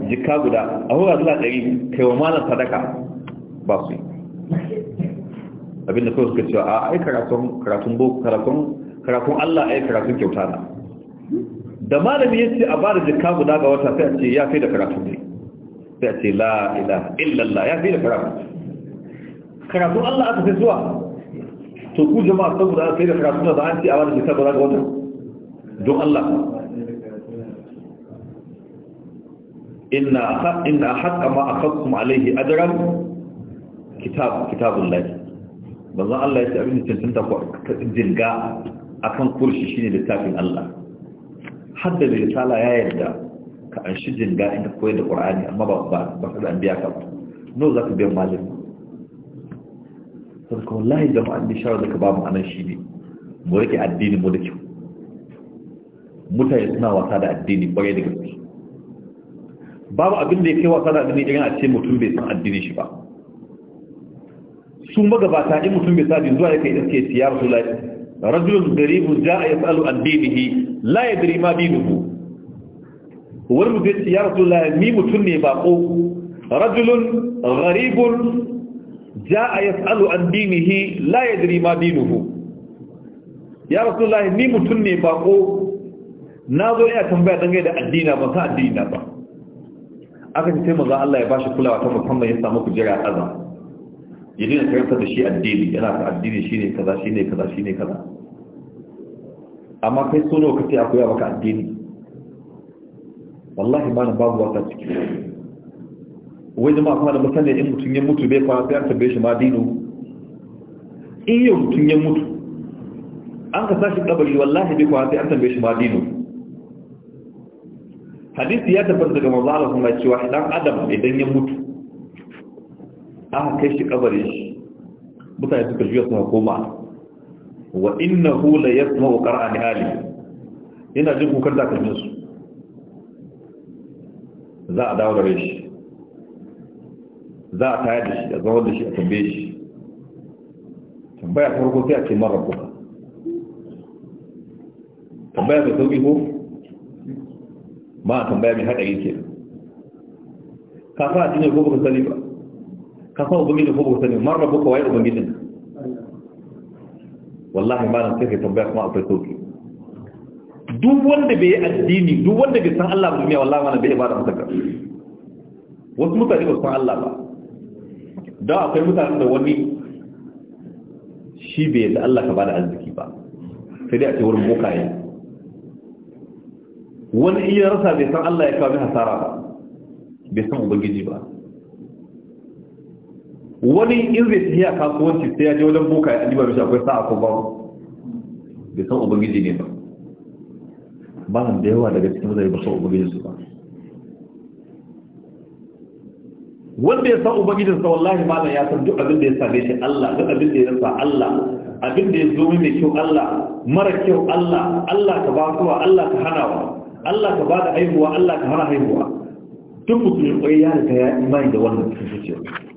jika guda a muga dala ɗari kai wa malam sadaka ba su yi abinda kawai suka cewa a ai karatun karatun boko karatun karatun Allah ai karatun kyauta na da malami ya ce a ba da jikka guda ga wata sai a ce ya fi da karatun ne sai a ce la ilaha illallah ya fi da karatun karatun Allah aka fi zuwa to ku jama'a saboda aka sai da karatun da an ce a ba da jikka guda ga wata don Allah inna inna haqqa ma akhadtum alayhi ajran kitab kitabullah manzon Allah ya ce abin da cancanta ku jirga akan kurshi shine littafin Allah hadda da risala ya yarda ka an shi jirga inda koyar da Qur'ani amma ba ba ba ka an biya ka ba no za ka biyan malami sai ko wallahi jama'a din shawara da ka ba mu anan shi ne mu rike addini mu da kyau mutane suna wasa da addini bare da gaske babu abin da ya kai wasa da addini irin a ce mutum bai san addini shi ba su magabata in mutum bai sabi zuwa ya kai iske siya rasulai rajulun garibun za a yi tsalu an dinihi la ya diri ma dinuhu wani mutum ya rasulai mi mutum ne bako rajulun garibun za a yi tsalu an dinihi la ya diri ma dinuhu ya rasulai mi mutum ne bako na zo ina tambaya dangane da addina ba, san addina ba aka ce sai maza Allah ya bashi kulawa ta musamman ya samu kujera azam ya dina karanta da shi addini yana ta addini shine kaza shine kaza shine kaza amma kai sono nawa kace akwai maka addini wallahi ma na babu wata ciki wai jama'a kuma da mutane in mutum ya mutu bai kwana sai an tabbe shi ma dino in yau mutum ya mutu an ka sashi kabari wallahi bai kwana sai an tabbe shi ma dino hadisi ya tabbata daga manzo Allah kuma cewa idan adam idan ya mutu aka kai shi kabarin shi mutane suka juya suna koma wa innahu la yasma'u qara'a ali Ina jin kukan takalmin su za a dawo da shi za a tayar da shi a zama da shi a tambaye shi tambaya ta farko sai a ce mara kuka tambaya mai sauƙi ko ba a tambaya mai haɗari ke ka sa a cinye ko baka sani ba ka san ubangiji ko ba sani man rabu ka waye ubangijin wallahi malam sai kai tambaya kuma akwai sauki duk wanda bai yi addini duk wanda bai san Allah ba duniya wallahi malam bai ibada masa wasu mutane ba san Allah ba da akwai mutane da wani shi bai yadda Allah ka bada arziki ba sai dai a ce wurin bokaye wani iya rasa bai san Allah ya kawo mai hasara ba bai san ubangiji ba wani in su tafi a kasuwanci sai ya je wajen boka ya ɗiba mishi akwai sa'a ko babu bai san ubangiji ne ba ba nan da yawa daga cikin zai ba san ubangiji su ba wanda ya san ubangijin sa wallahi malam ya san duk abin da ya same shi Allah duk abin da ya rasa Allah abin da ya zo mai kyau Allah mara kyau Allah Allah ka ba kuwa Allah ka hanawa Allah ka ba da haihuwa Allah ka hana haihuwa duk mutum ya riga ya imani da wannan cikin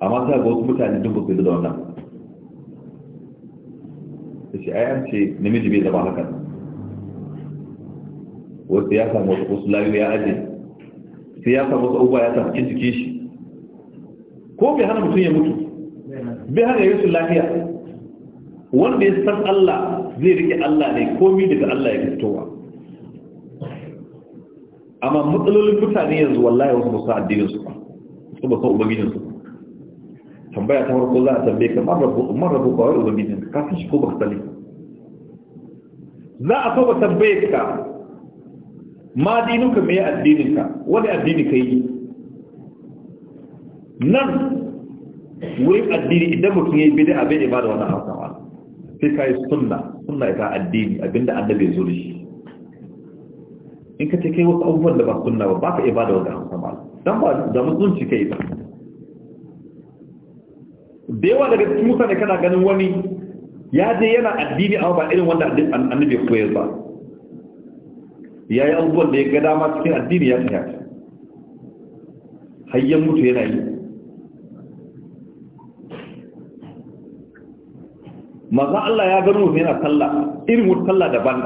amma za ga wasu mutane duk bakwai da wannan ta ce ayan ce namiji bai zama haka wasu ya samu wasu wasu layu ya aje sai ya samu wasu abubuwa ya samu cikin jikin shi ko bai hana mutum ya mutu bai hana ya su lafiya wanda ya san Allah zai rike Allah ne komi daga Allah ya fitowa amma matsalolin mutane yanzu wallahi wasu musa addinin su ba su ba san ubangijin su tambaya ta farko za a tambaye ka marar rabu kawai ubangijin ka kafin shi ko baka sani za a so ba tambaye ka ma dinuka me addininka wani addini ka yi nan wurin addini idan mutum ya yi bida abin da wani hausawa sai ka yi sunna sunna ita addini abinda annabi ya zo da shi in ka ce kai wasu abubuwan da ba sunna ba ba ka da wani hausawa don ba da musulunci kai ba da yawa daga cikin mutane kana ganin wani ya je yana addini amma ba irin wanda annabi ya koyar ba ya yi abubuwan da ya ga dama cikin addini ya tsaya hayyan mutu yana yi maza Allah ya gano mutum yana sallah irin wata sallah daban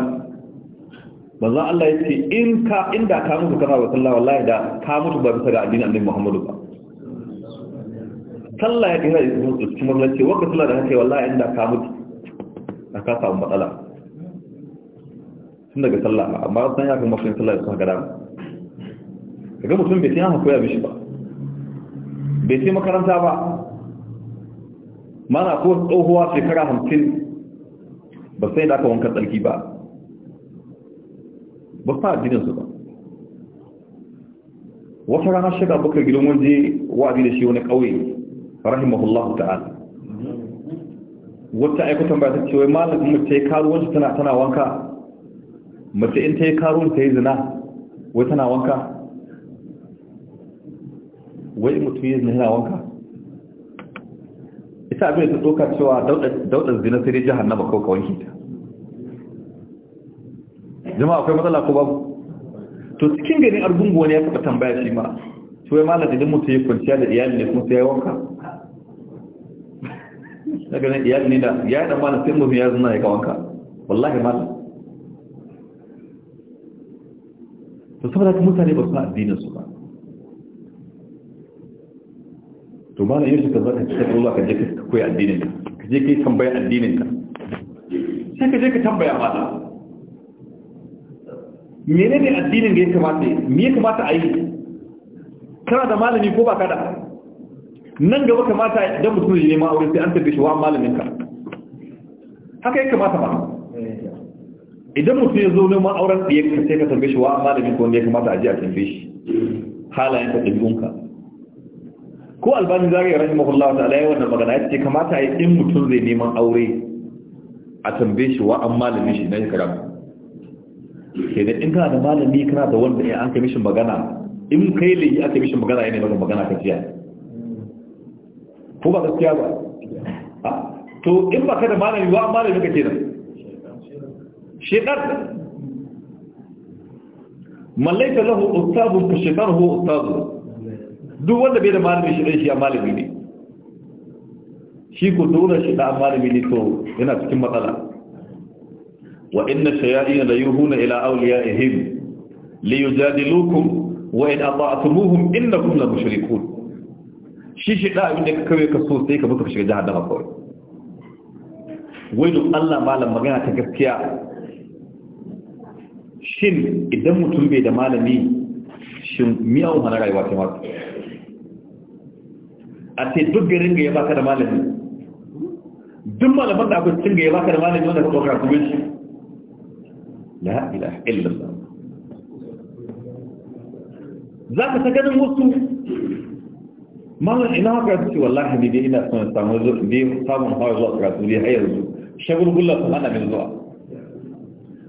maza Allah ya ce in ka inda ka mutu kana wa sallah wallahi da ka mutu ba bisa ga addinin annabi Muhammadu ba sallah ya dina cikin masallaci wanda sallah da haka wallahi inda ka mutu na ka samu matsala tun daga sallah amma san ya kuma sun sallah sun gada daga mutum bai san hakoya bishi ba bai sai makaranta ba mana ko tsohuwa shekara hamsin ba sai da aka wanka tsarki ba ba sa addininsu ba wata rana shiga bukar gidan waje wa'adi da shi wani ƙauye rahimahullahu ta'ala wata aikatan ba ta ce wai malamin mace karu karuwanci tana tana wanka mace in ta yi karuwanci ta yi zina wai tana wanka wai mutu mutum yi zina wanka ita abin da ta doka cewa daudar zina sai dai jahannama ko kawai hita jama'a akwai matsala ko babu to cikin ganin argungu wani ya taba tambaya shi ma shi wai malam idan mutum ya kwanciya da iyali ne kuma sai ya wanka daga nan iyali ne da ya dan mana sai mu ya zuna ya kawanka wallahi mata. to saboda kuma mutane ba su na addinin su ba to ba na yin shi ka zaka ci ta Allah ka je ka koyi addinin ka je kai tambaya addinin ka sai ka je ka tambaya mata menene addinin da ya kamata me ya kamata a yi kana da malami ko ba ka da nan gaba kamata idan mutum ya nema aure sai an tafi shi wa malamin ka haka ya kamata ba idan mutum ya zo neman auren da yake sai ka tambaye shi wa malamin ko wanda ya kamata a ji a tambaye shi halayen ka ɗabi'unka ko albani zariya rahimahullahu ta'ala ya wannan magana ya ce kamata a yi in mutum zai neman aure a tambaye shi wa an shi na yi sai ke da in kana da malami kana da wanda ya an kai mishin magana in kai layi aka mishin magana yana ne magana ka jiya ko ba gaskiya ba ah, to in ba ka da malami ba malami ka kenan shekar mallaita lahu ustazun ka shekar ho ustazun duk wanda bai da malami shi ɗan shi a malami ne shi ko dole shi da malami ne to yana cikin matsala wa inna shayaɗi da yuhuna ila awliya'ihim ihim li yujadilukum wa in ata'tumuhum innakum la mushrikun shi shi da abin da ka kawai ka so sai ka buka shiga jihar dama kawai wai don allah malam magana ta gaskiya shin idan mutum bai da malami shin miyawu hana rayuwa ta masu a ce duk garin ga ya baka da malami duk malaman da akwai cin ga ya baka da malami wanda ka ɗaukar kuma shi la ilaha illallah za ka ta ganin wasu mallan ina haka suke wallahi ne dai ina son samu dai samun hawa zuwa karatu dai har yanzu shagulgullar sun hana mai zuwa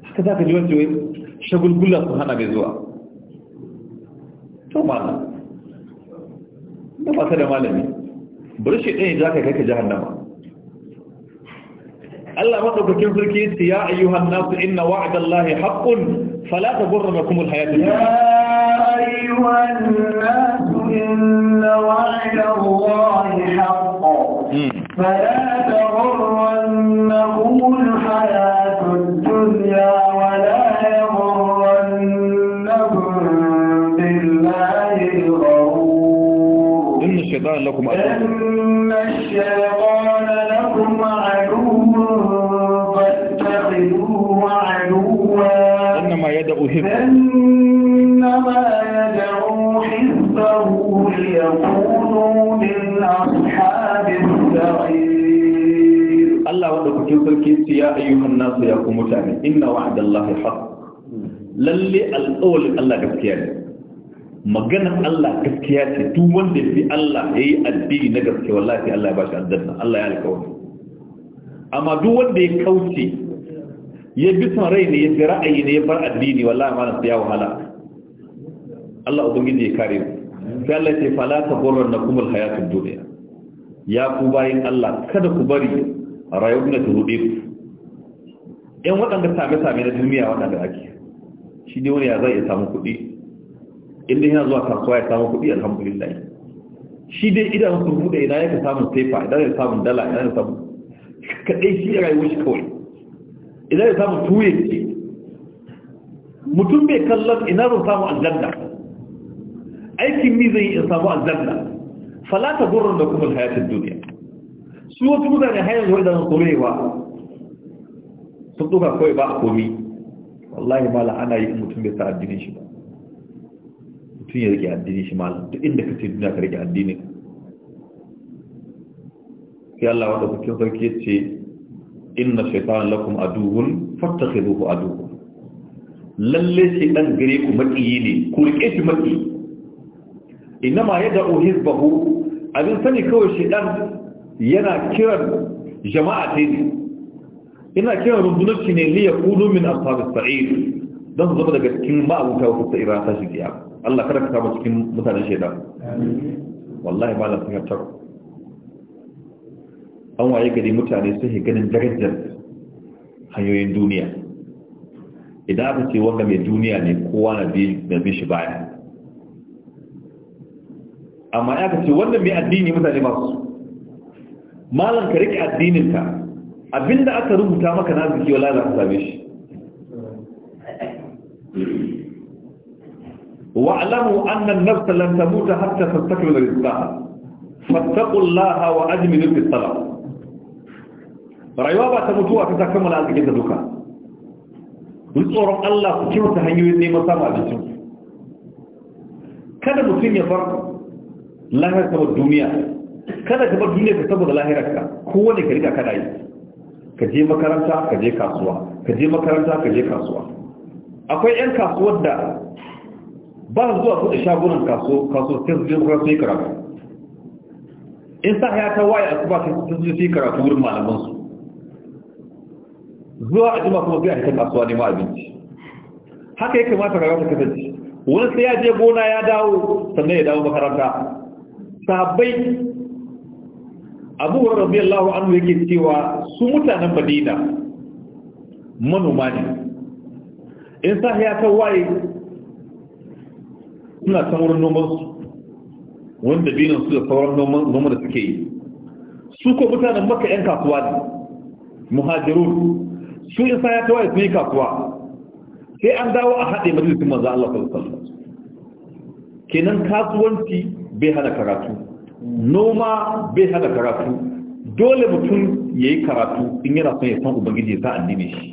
haka za ka ji wacce wai shagulgullar sun hana mai zuwa to mana da ba ta da malami bari shi ɗaya za ka kai ka jahannama Allah madaukakin sarki ce ya ayyuhan nasu inna wa'dallahi haqqun fala taghurrannakum alhayatid dunya ya ayyuhan nasu إن وعد الله حق فلا تغرنكم الحياة الدنيا ولا يغرنكم بالله إن الشيطان لكم إن الشيطان لكم عدو فاتخذوه إنما يدعو حزبه إنما يدعو لتكونوا من أصحاب السعير الله وحده كتبك يا أيها الناس mutane. Inna إن وعد الله حق lalle alƙawarin Allah gaskiya ne maganar Allah gaskiya ce duk wanda fi Allah ya yi addini na gaskiya wallahi Allah ya bashi aljanna Allah ya alƙawari amma duk wanda ya kauce ya bi son rai ne ya fi ra'ayi ne ya bar addini wallahi ma na ya wahala Allah ubangiji ya kare mu sai Allah ce fala ta gurran na kumul hayatun duniya ya ku bayin Allah kada ku bari rayuwar na ta ruɗe ku ɗan waɗanda same-same na duniya waɗanda ake shi ne wani ya zai ya samu kuɗi inda yana zuwa kasuwa ya samu kuɗi alhamdulillah shi dai idan sun buɗe ina ya ka samun sefa idan ya samu dala idan ya samun kaɗai shi ya rayuwar shi kawai idan ya samun tuye mutum bai kallon ina zan samu aljanna aikin mi zai in samu aljanna fala ta gurrun da kuma hayatin duniya su wasu mutane har yanzu da sun tsorewa sun duka kawai ba a komi wallahi mala ana yi mutum bai sa addinin shi ba mutum ya rike addinin shi mala duk inda ka ce duniya ka rike addinin Ya Allah wanda cikin sarki yace inna shaytana lakum aduwwun fattakhiduhu aduwwan lalle shi dan gare ku makiyi ne ku rike shi makiyi inama yadda ohis bahu abin sani kawai shi ɗan yana kiran jama'a ta ne ina kiran rundunarci ne liya kudu min ashabis sa'id don su zama daga cikin ma'abuta wasu sa'ira ta shi kiya Allah kada ka samu cikin mutanen shaida wallahi ba sun hatar an waye gari mutane su ganin darajar hanyoyin duniya idan aka ce wanda mai duniya ne kowa na bi shi baya amma ya kace wannan mai addini mutane ba su malam ka rike addininka abinda aka rubuta maka na ziki wala za ka same shi wa'lamu anna an-nafsa lan tamuta hatta tastakmila rizqaha fattaqullaha wa ajmilu bis salat rayuwa ba ta mutuwa ta kammala arzikin da duka duk tsoron Allah ku kiwata hanyoyin neman samun abincin kada mutum ya bar lahira ka bar duniya kada ka bar duniya ka saboda lahirar ka kowane ka rika kana yi ka je makaranta ka je kasuwa ka je makaranta ka je kasuwa akwai yan kasuwar da ba su zuwa buɗe shagunan kaso kaso sai su je makaranta su yi karatu in sa ya ta waye su ba su je su yi karatu wurin malaman su zuwa a jima kuma sai ta cikin kasuwa ma abinci haka ya kamata ka rasa kasance wani sai ya je gona ya dawo sannan ya dawo makaranta sahabbai abubuwan wa radiyallahu anhu yake cewa su mutanen madina manoma ne in ya ta waye suna ta wurin nomansu wanda binan su da sauran noma da suke yi su ko mutanen maka 'yan kasuwa ne muhajirun su in ya ta waye sun yi kasuwa sai an dawo a haɗe majalisun maza Allah sallallahu kenan kasuwanci bai hana karatu noma bai hana karatu dole mutum ya yi karatu in yana son ya san ubangiji ya sa addini shi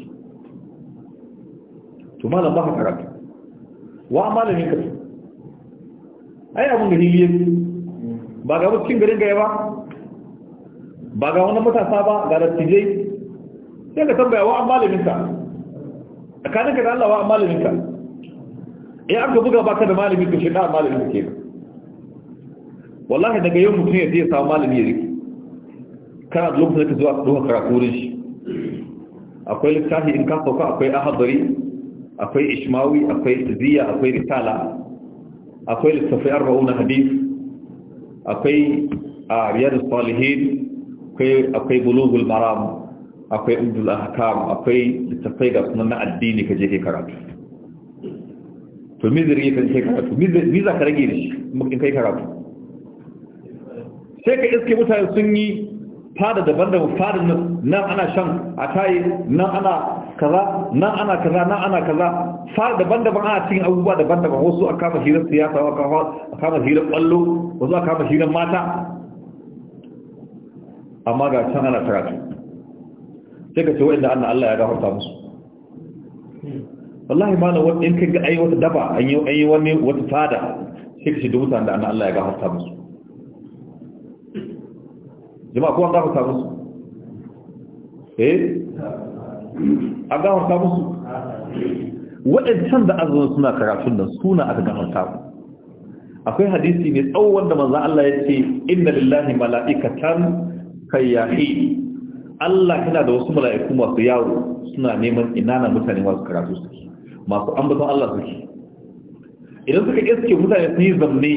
to malam ba karatu wa malamin ka ai abin gari ne ba ga mutum garin gaya ba ba ga wani matasa ba ga dattijai sai ka tambaya wa malamin ka tsakaninka da Allah wa malamin ka in aka buga baka da malamin ka shi da malamin ka kenan wallahi daga yau mutum ya je ya samu malami ya rike kana da lokacin da ka zuwa duka karatu wurin shi akwai littafi in ka sauka akwai ahadari akwai ishmawi akwai ziya akwai risala akwai littafi arba'una hadith akwai a riyadus salihin akwai bulugul maram akwai umdul ahkam akwai littafai ga sunan addini ka je kai karatu to me zai rage kai karatu me za ka rage shi in kai karatu sai ka iske mutane sun yi fada daban-daban fada nan ana shan a tayi nan ana kaza nan ana kaza nan ana kaza fada daban-daban ana cikin abubuwa daban-daban wasu a kama hirar siyasa a kama hirar kwallo wasu a kama hirar mata amma ga can ana karatu sai ka ce wa inda Allah ya gafarta musu wallahi na wani in ka ga ayi wata daba an yi wani wata fada sai ka ce da mutane da Allah ya gafarta musu jama'a ko an gafarta musu eh an gafarta musu waɗancan da azumin suna karatun nan suna aka gafarta musu akwai hadisi ne tsawon da manzan Allah ya ce inna lillahi mala'ikatan kayyahi Allah yana da wasu mala'iku masu yawo suna neman ina na mutane masu karatu suke masu ambaton Allah suke idan suka iske mutane sun yi zamne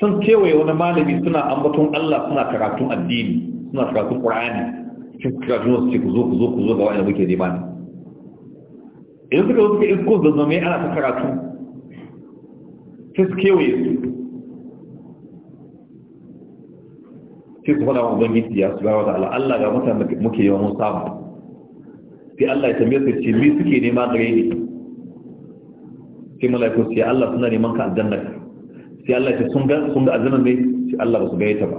sun kewaye wani malami suna ambaton Allah suna karatun addini suna karatun Qur'ani cikin karatun wasu ce ku zo ku zo ku zo ga wa'anda muke nema ne idan suka zo suka isko zazzame ana ta karatu sai su kewaye su sai su faɗa wa ubangiji ya su bawa da Allah Allah ga mutane da muke yawan mun samu sai Allah ya tambaye su ce me suke nema gare ni sai mala'iku sai Allah suna neman ka aljanna sai Allah ya sun ga sun ga azanan ne Sai Allah ba su gaita ba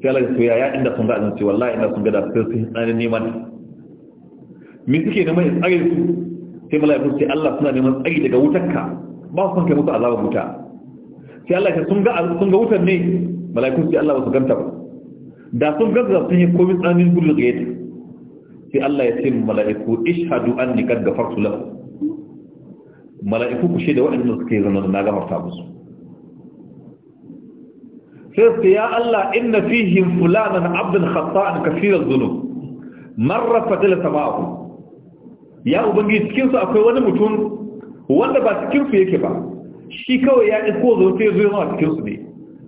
sai Allah ya ce ya inda sun ga azanan ce wallahi inda sun ga da sai sun neman me suke mai tsare su sai mala'iku sai Allah suna neman tsare daga wutarka ba su san kai musu azabar wuta sai Allah ya sun ga sun ga wutar ne mala'iku ce Allah ba su ganta ba da sun gaza sun yi komai tsanin gudu da yadda? sai Allah ya ce mala'iku ishadu an nikar gafartu lahu mala'iku ku shaida waɗannan suka yi zama na gafarta musu sai ya Allah inna fihim fulanan abdul khata'an kaseeran dhunub marra fatala sama'u ya ubangi cikin su akwai wani mutum wanda ba cikin su yake ba shi kawai ya iko zo sai zo ma cikin su ne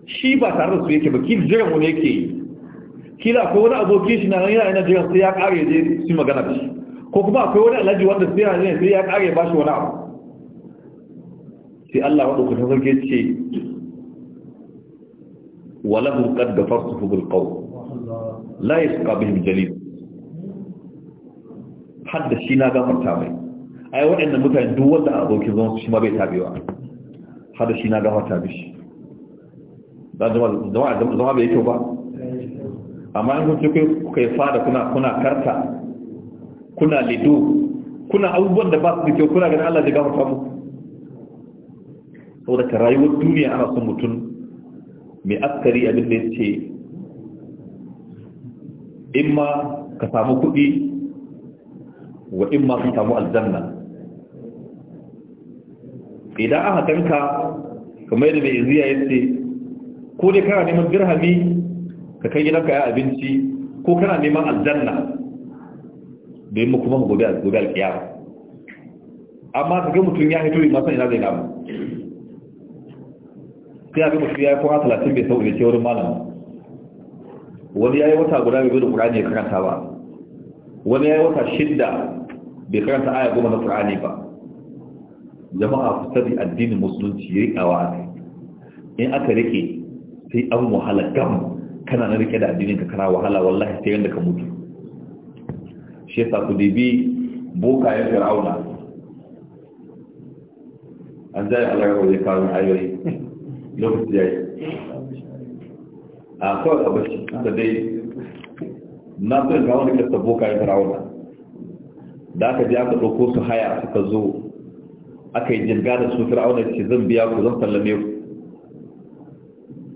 shi ba tare da su yake ba kin mu ne yake yi kila akwai wani abokin shi na nan yana jiran sai ya kare je su magana da shi ko kuma akwai wani alhaji wanda sai yana sai ya kare ba shi wani abu sai Allah wadda kusan sarki ce ولهم قد غفرته بالقول لا يسقى بهم جليل حد shi na gafarta mai ai waɗannan mutane duk abokin zama shi bai tabewa hada shi na gafarta mishi da zama bai kyau ba amma in kun ce kuka fada kuna karta kuna lido kuna abubuwan da ba su da kyau kuna ganin Allah zai gafarta mu saboda ka rayuwar duniya ana son mutum mai askari abin da ce in ma ka samu kuɗi wa in ma ka samu aljanna idan aka kanka kamar da mai ziya ya ce ko dai kana neman birhami ka kai gidanka ya abinci ko kana neman aljanna da yi kuma gobe alkiyar amma ka ga mutum ya hito yi masan ina zai namu sai a gaba mutum ya yi kowa talatin bai sau da ce wurin malama wani ya yi wata guda bai gudu ƙurani ya karanta ba wani ya yi wata shidda bai karanta aya goma na ƙurani ba jama'a ku tabi addinin musulunci ya riƙawa a in aka rike sai an wahala gam kana na rike da addinin ka kana wahala wallahi sai yadda ka mutu shi yasa ku dibi bokayen fir'auna an zai Allah ya kawo ayoyi lokaci ya yi a kawai a bashi da dai na sun ga wani kasta boka ya firawuna da aka biya ka ɗauko su haya suka zo aka yi jirga da su firawuna ce zan biya ku zan sallame ku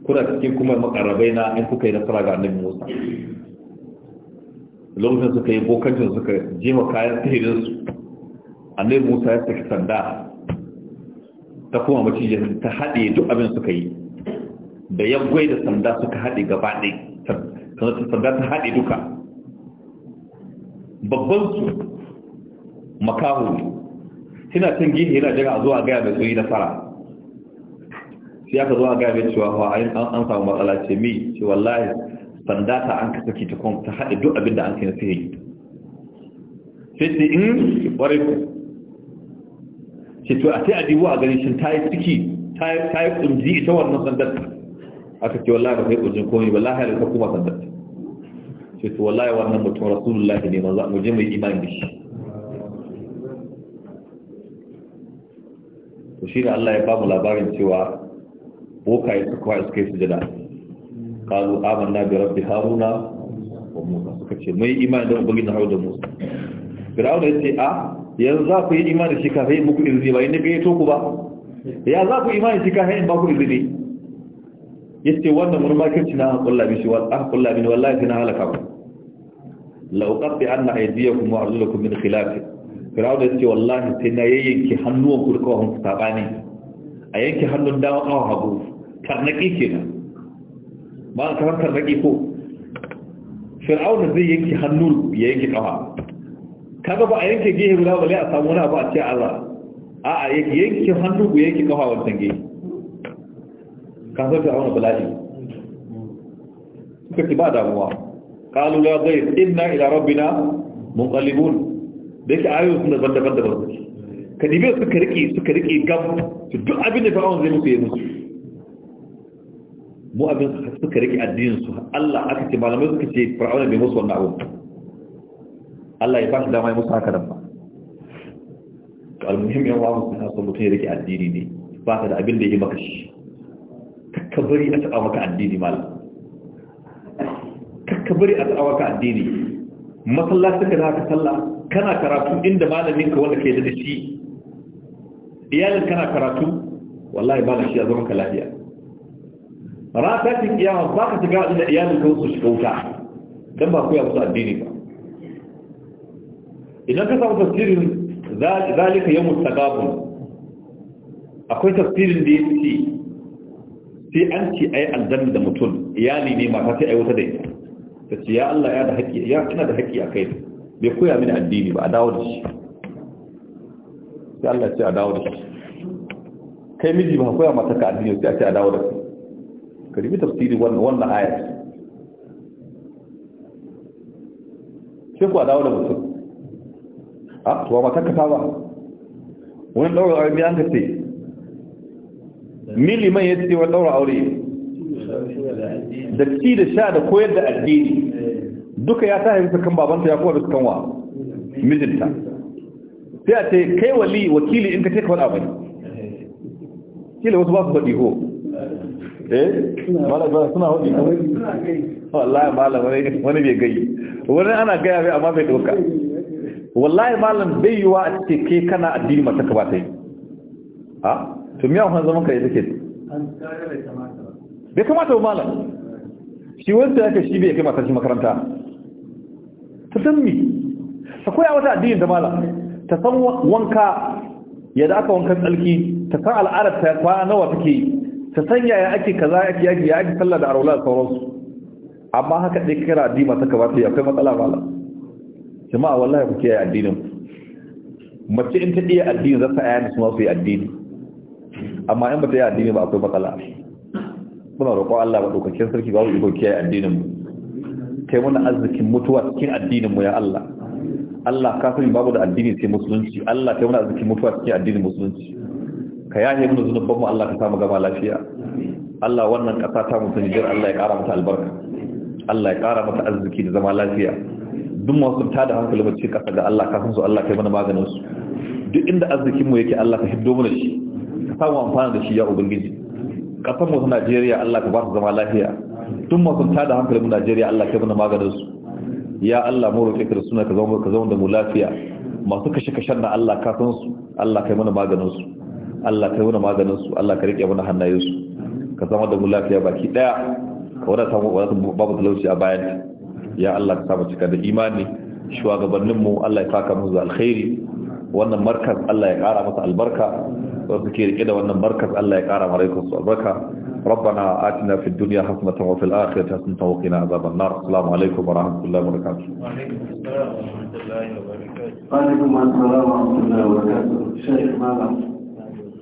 kuna cikin kuma makarabai na in kuka yi nasara ga annabi musa lokacin suka yi bokancin suka jefa kayan sihirinsu annabi musa ya saki sanda ta kuma macijin ta haɗe duk abin suka yi da ya gwai da sanda suka haɗe gaba ɗai sanda ta haɗe duka babban su makaho ne suna can gihe yana jira zuwa gaya mai tsoyi na fara sai aka zuwa gaya mai cewa hawa an samu matsala ce mi ce wallahi sanda ta an ka saki ta kuma ta haɗe duk abin da an kai na sihiri sai ce in hmm, ƙwarai ce to a sai a dibo a gani shin ta yi ciki ta yi kunji ita wannan sandar aka ce wallahi ba kai kunjin komai ba lahi halitta kuma sandar ce to wallahi wannan mutum rasulullahi ne manzo mu je mai imani da shi to shi da Allah ya ba mu labarin cewa bokaye suka kwa suka yi sujada kalu amanna bi rabbi haruna wa musa suka ce mai imani da ubangiji na haruna da musa firawuna ya ce a ah, yanzu za ku yi imani shi kafin muku izini ba yadda gayyato ku ba ya za ku imani shi kafin ba ku izini ya ce wannan wani makirci na aka kulla ne wallahi sai na halaka ku lauƙaɓe an na aidiya kuma a zula kuma khilafi firawun ya ce wallahi sai na yayyanki hannuwan ku da kawahun ta saɓani a yanki hannun dawa kawo hagu tarnaƙi kenan ba a kamar tarnaƙi ko fir'auna zai yanki hannun ya yanki kawa kaga ba a yanke gehe guda ba a samu wani abu a ce Allah a a yake yanke hannu ku yanke kafa wancan gehe kafin fir'auna bala'i suka ci ba damuwa kalu ya zai inna ila rabbina munqalibun da yake ayoyi sun daban daban daban ka dibe suka rike suka riki gam su duk abin da fir'auna zai mutu ya musu mu abin suka riki addinin su Allah aka ce malamai suka ce fir'auna bai musu wannan abu Allah ya ba su dama ya musu haka nan ba al-muhim yan wa musu son mutum ya rike addini ne ba ka da abin da ya yi maka shi Kakka bari a taɓa maka addini malam kakka bari a taɓa maka addini masallacin ka za ka sallah kana karatu inda malamin ka wanda ke da da shi iyalin kana karatu wallahi ba na shi a zaman ka lafiya rata cikin iyawa ba ka shiga inda iyalin ka wasu shiga wuta don ba koya musu addini ba idan ka samu tafsirin zalika yawmut tagabun akwai tafsirin da ya ce sai an ce ai aljanna da mutum iyali ne mata sai ai wata da ita ce ya Allah ya da haƙi ya kina da haƙi kai bai koya mini addini ba a dawo da shi sai Allah ce a dawo da shi kai miji ba koya mata ka addini sai a ce a dawo da shi ka rubi tafsiri wannan wannan ayat sai ku a dawo da mutum a ah, to ba ta kafa ba wani ɗaura aure mai an ka ce mili mai ya wa wani ɗaura aure da ci da sha da koyar da addini duka ya sa haifu kan babanta ya kowa da kan wa mijinta sai a ce kai wali wakili in ka ce kawai abu kila wasu ba su faɗi ho eh malaba suna haɗi kawai wallahi wani bai gai wani ana gaya bai amma bai doka wallahi malam bai yi a ake ke kana addini mata ka ba ta yi ha to miya wani zaman kare take bai kamata ba malam shi wanda yake shi bai kai matar shi makaranta ta san mi ta koya wata addini da malam ta san wanka yadda aka wankan tsalki ta san al'adar ta kwana nawa take ta san yaya ake kaza ake yaki ya ake sallah da arola da sauransu amma haka ɗai kira addini mata ka ba ta yi akwai matsala malam jama'a wallahi ku kiyaye addinin mace in ta iya addini za ta ayyana su masu yi addini amma in ba ta yi addini ba akwai matsala muna roƙon Allah maɗaukakin sarki ba mu iko kiyaye addinin mu kai muna arzikin mutuwa cikin addinin mu ya Allah Allah ka sani babu da addini sai musulunci Allah kai muna arzikin mutuwa cikin addinin musulunci ka yahe mana zunuban mu Allah ka samu gama lafiya Allah wannan ƙasa ta mutum Allah ya ƙara mata albarka Allah ya ƙara mata arziki da zama lafiya duk masu ta da hankali mace kasa ga Allah kafin su Allah kai mana maganin su duk inda arzikin mu yake Allah ka hiddo mana shi ka samu amfana da shi ya ubangiji kasar mu Najeriya Allah ka ba su zama lafiya duk masu ta da hankali mu Najeriya Allah kai mana maganin su ya Allah mu roƙe ka da suna ka zama ka zama da mu lafiya masu kashe kashen na Allah ka san su Allah kai mana maganin su Allah kai mana maganin su Allah ka rike mana hannayen su ka zama da mu lafiya baki daya ka wadata babu talauci a bayan ya Allah ka saba cika da imani shugabanninmu Allah ya saka musu alkhairi wannan markaz Allah ya kara masa albarka ko suke da wannan markaz Allah ya kara mare ku albarka rabbana atina fid duniya hasanatan wa fil akhirati hasanatan wa qina azaban nar assalamu alaikum wa rahmatullahi wa barakatuh wa alaikum wa rahmatullahi wa barakatuh shaykh malam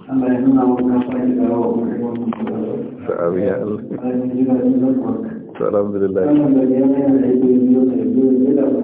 Allah ya nuna wa kafa ya rawa wa kuma Allah to alhamdulillah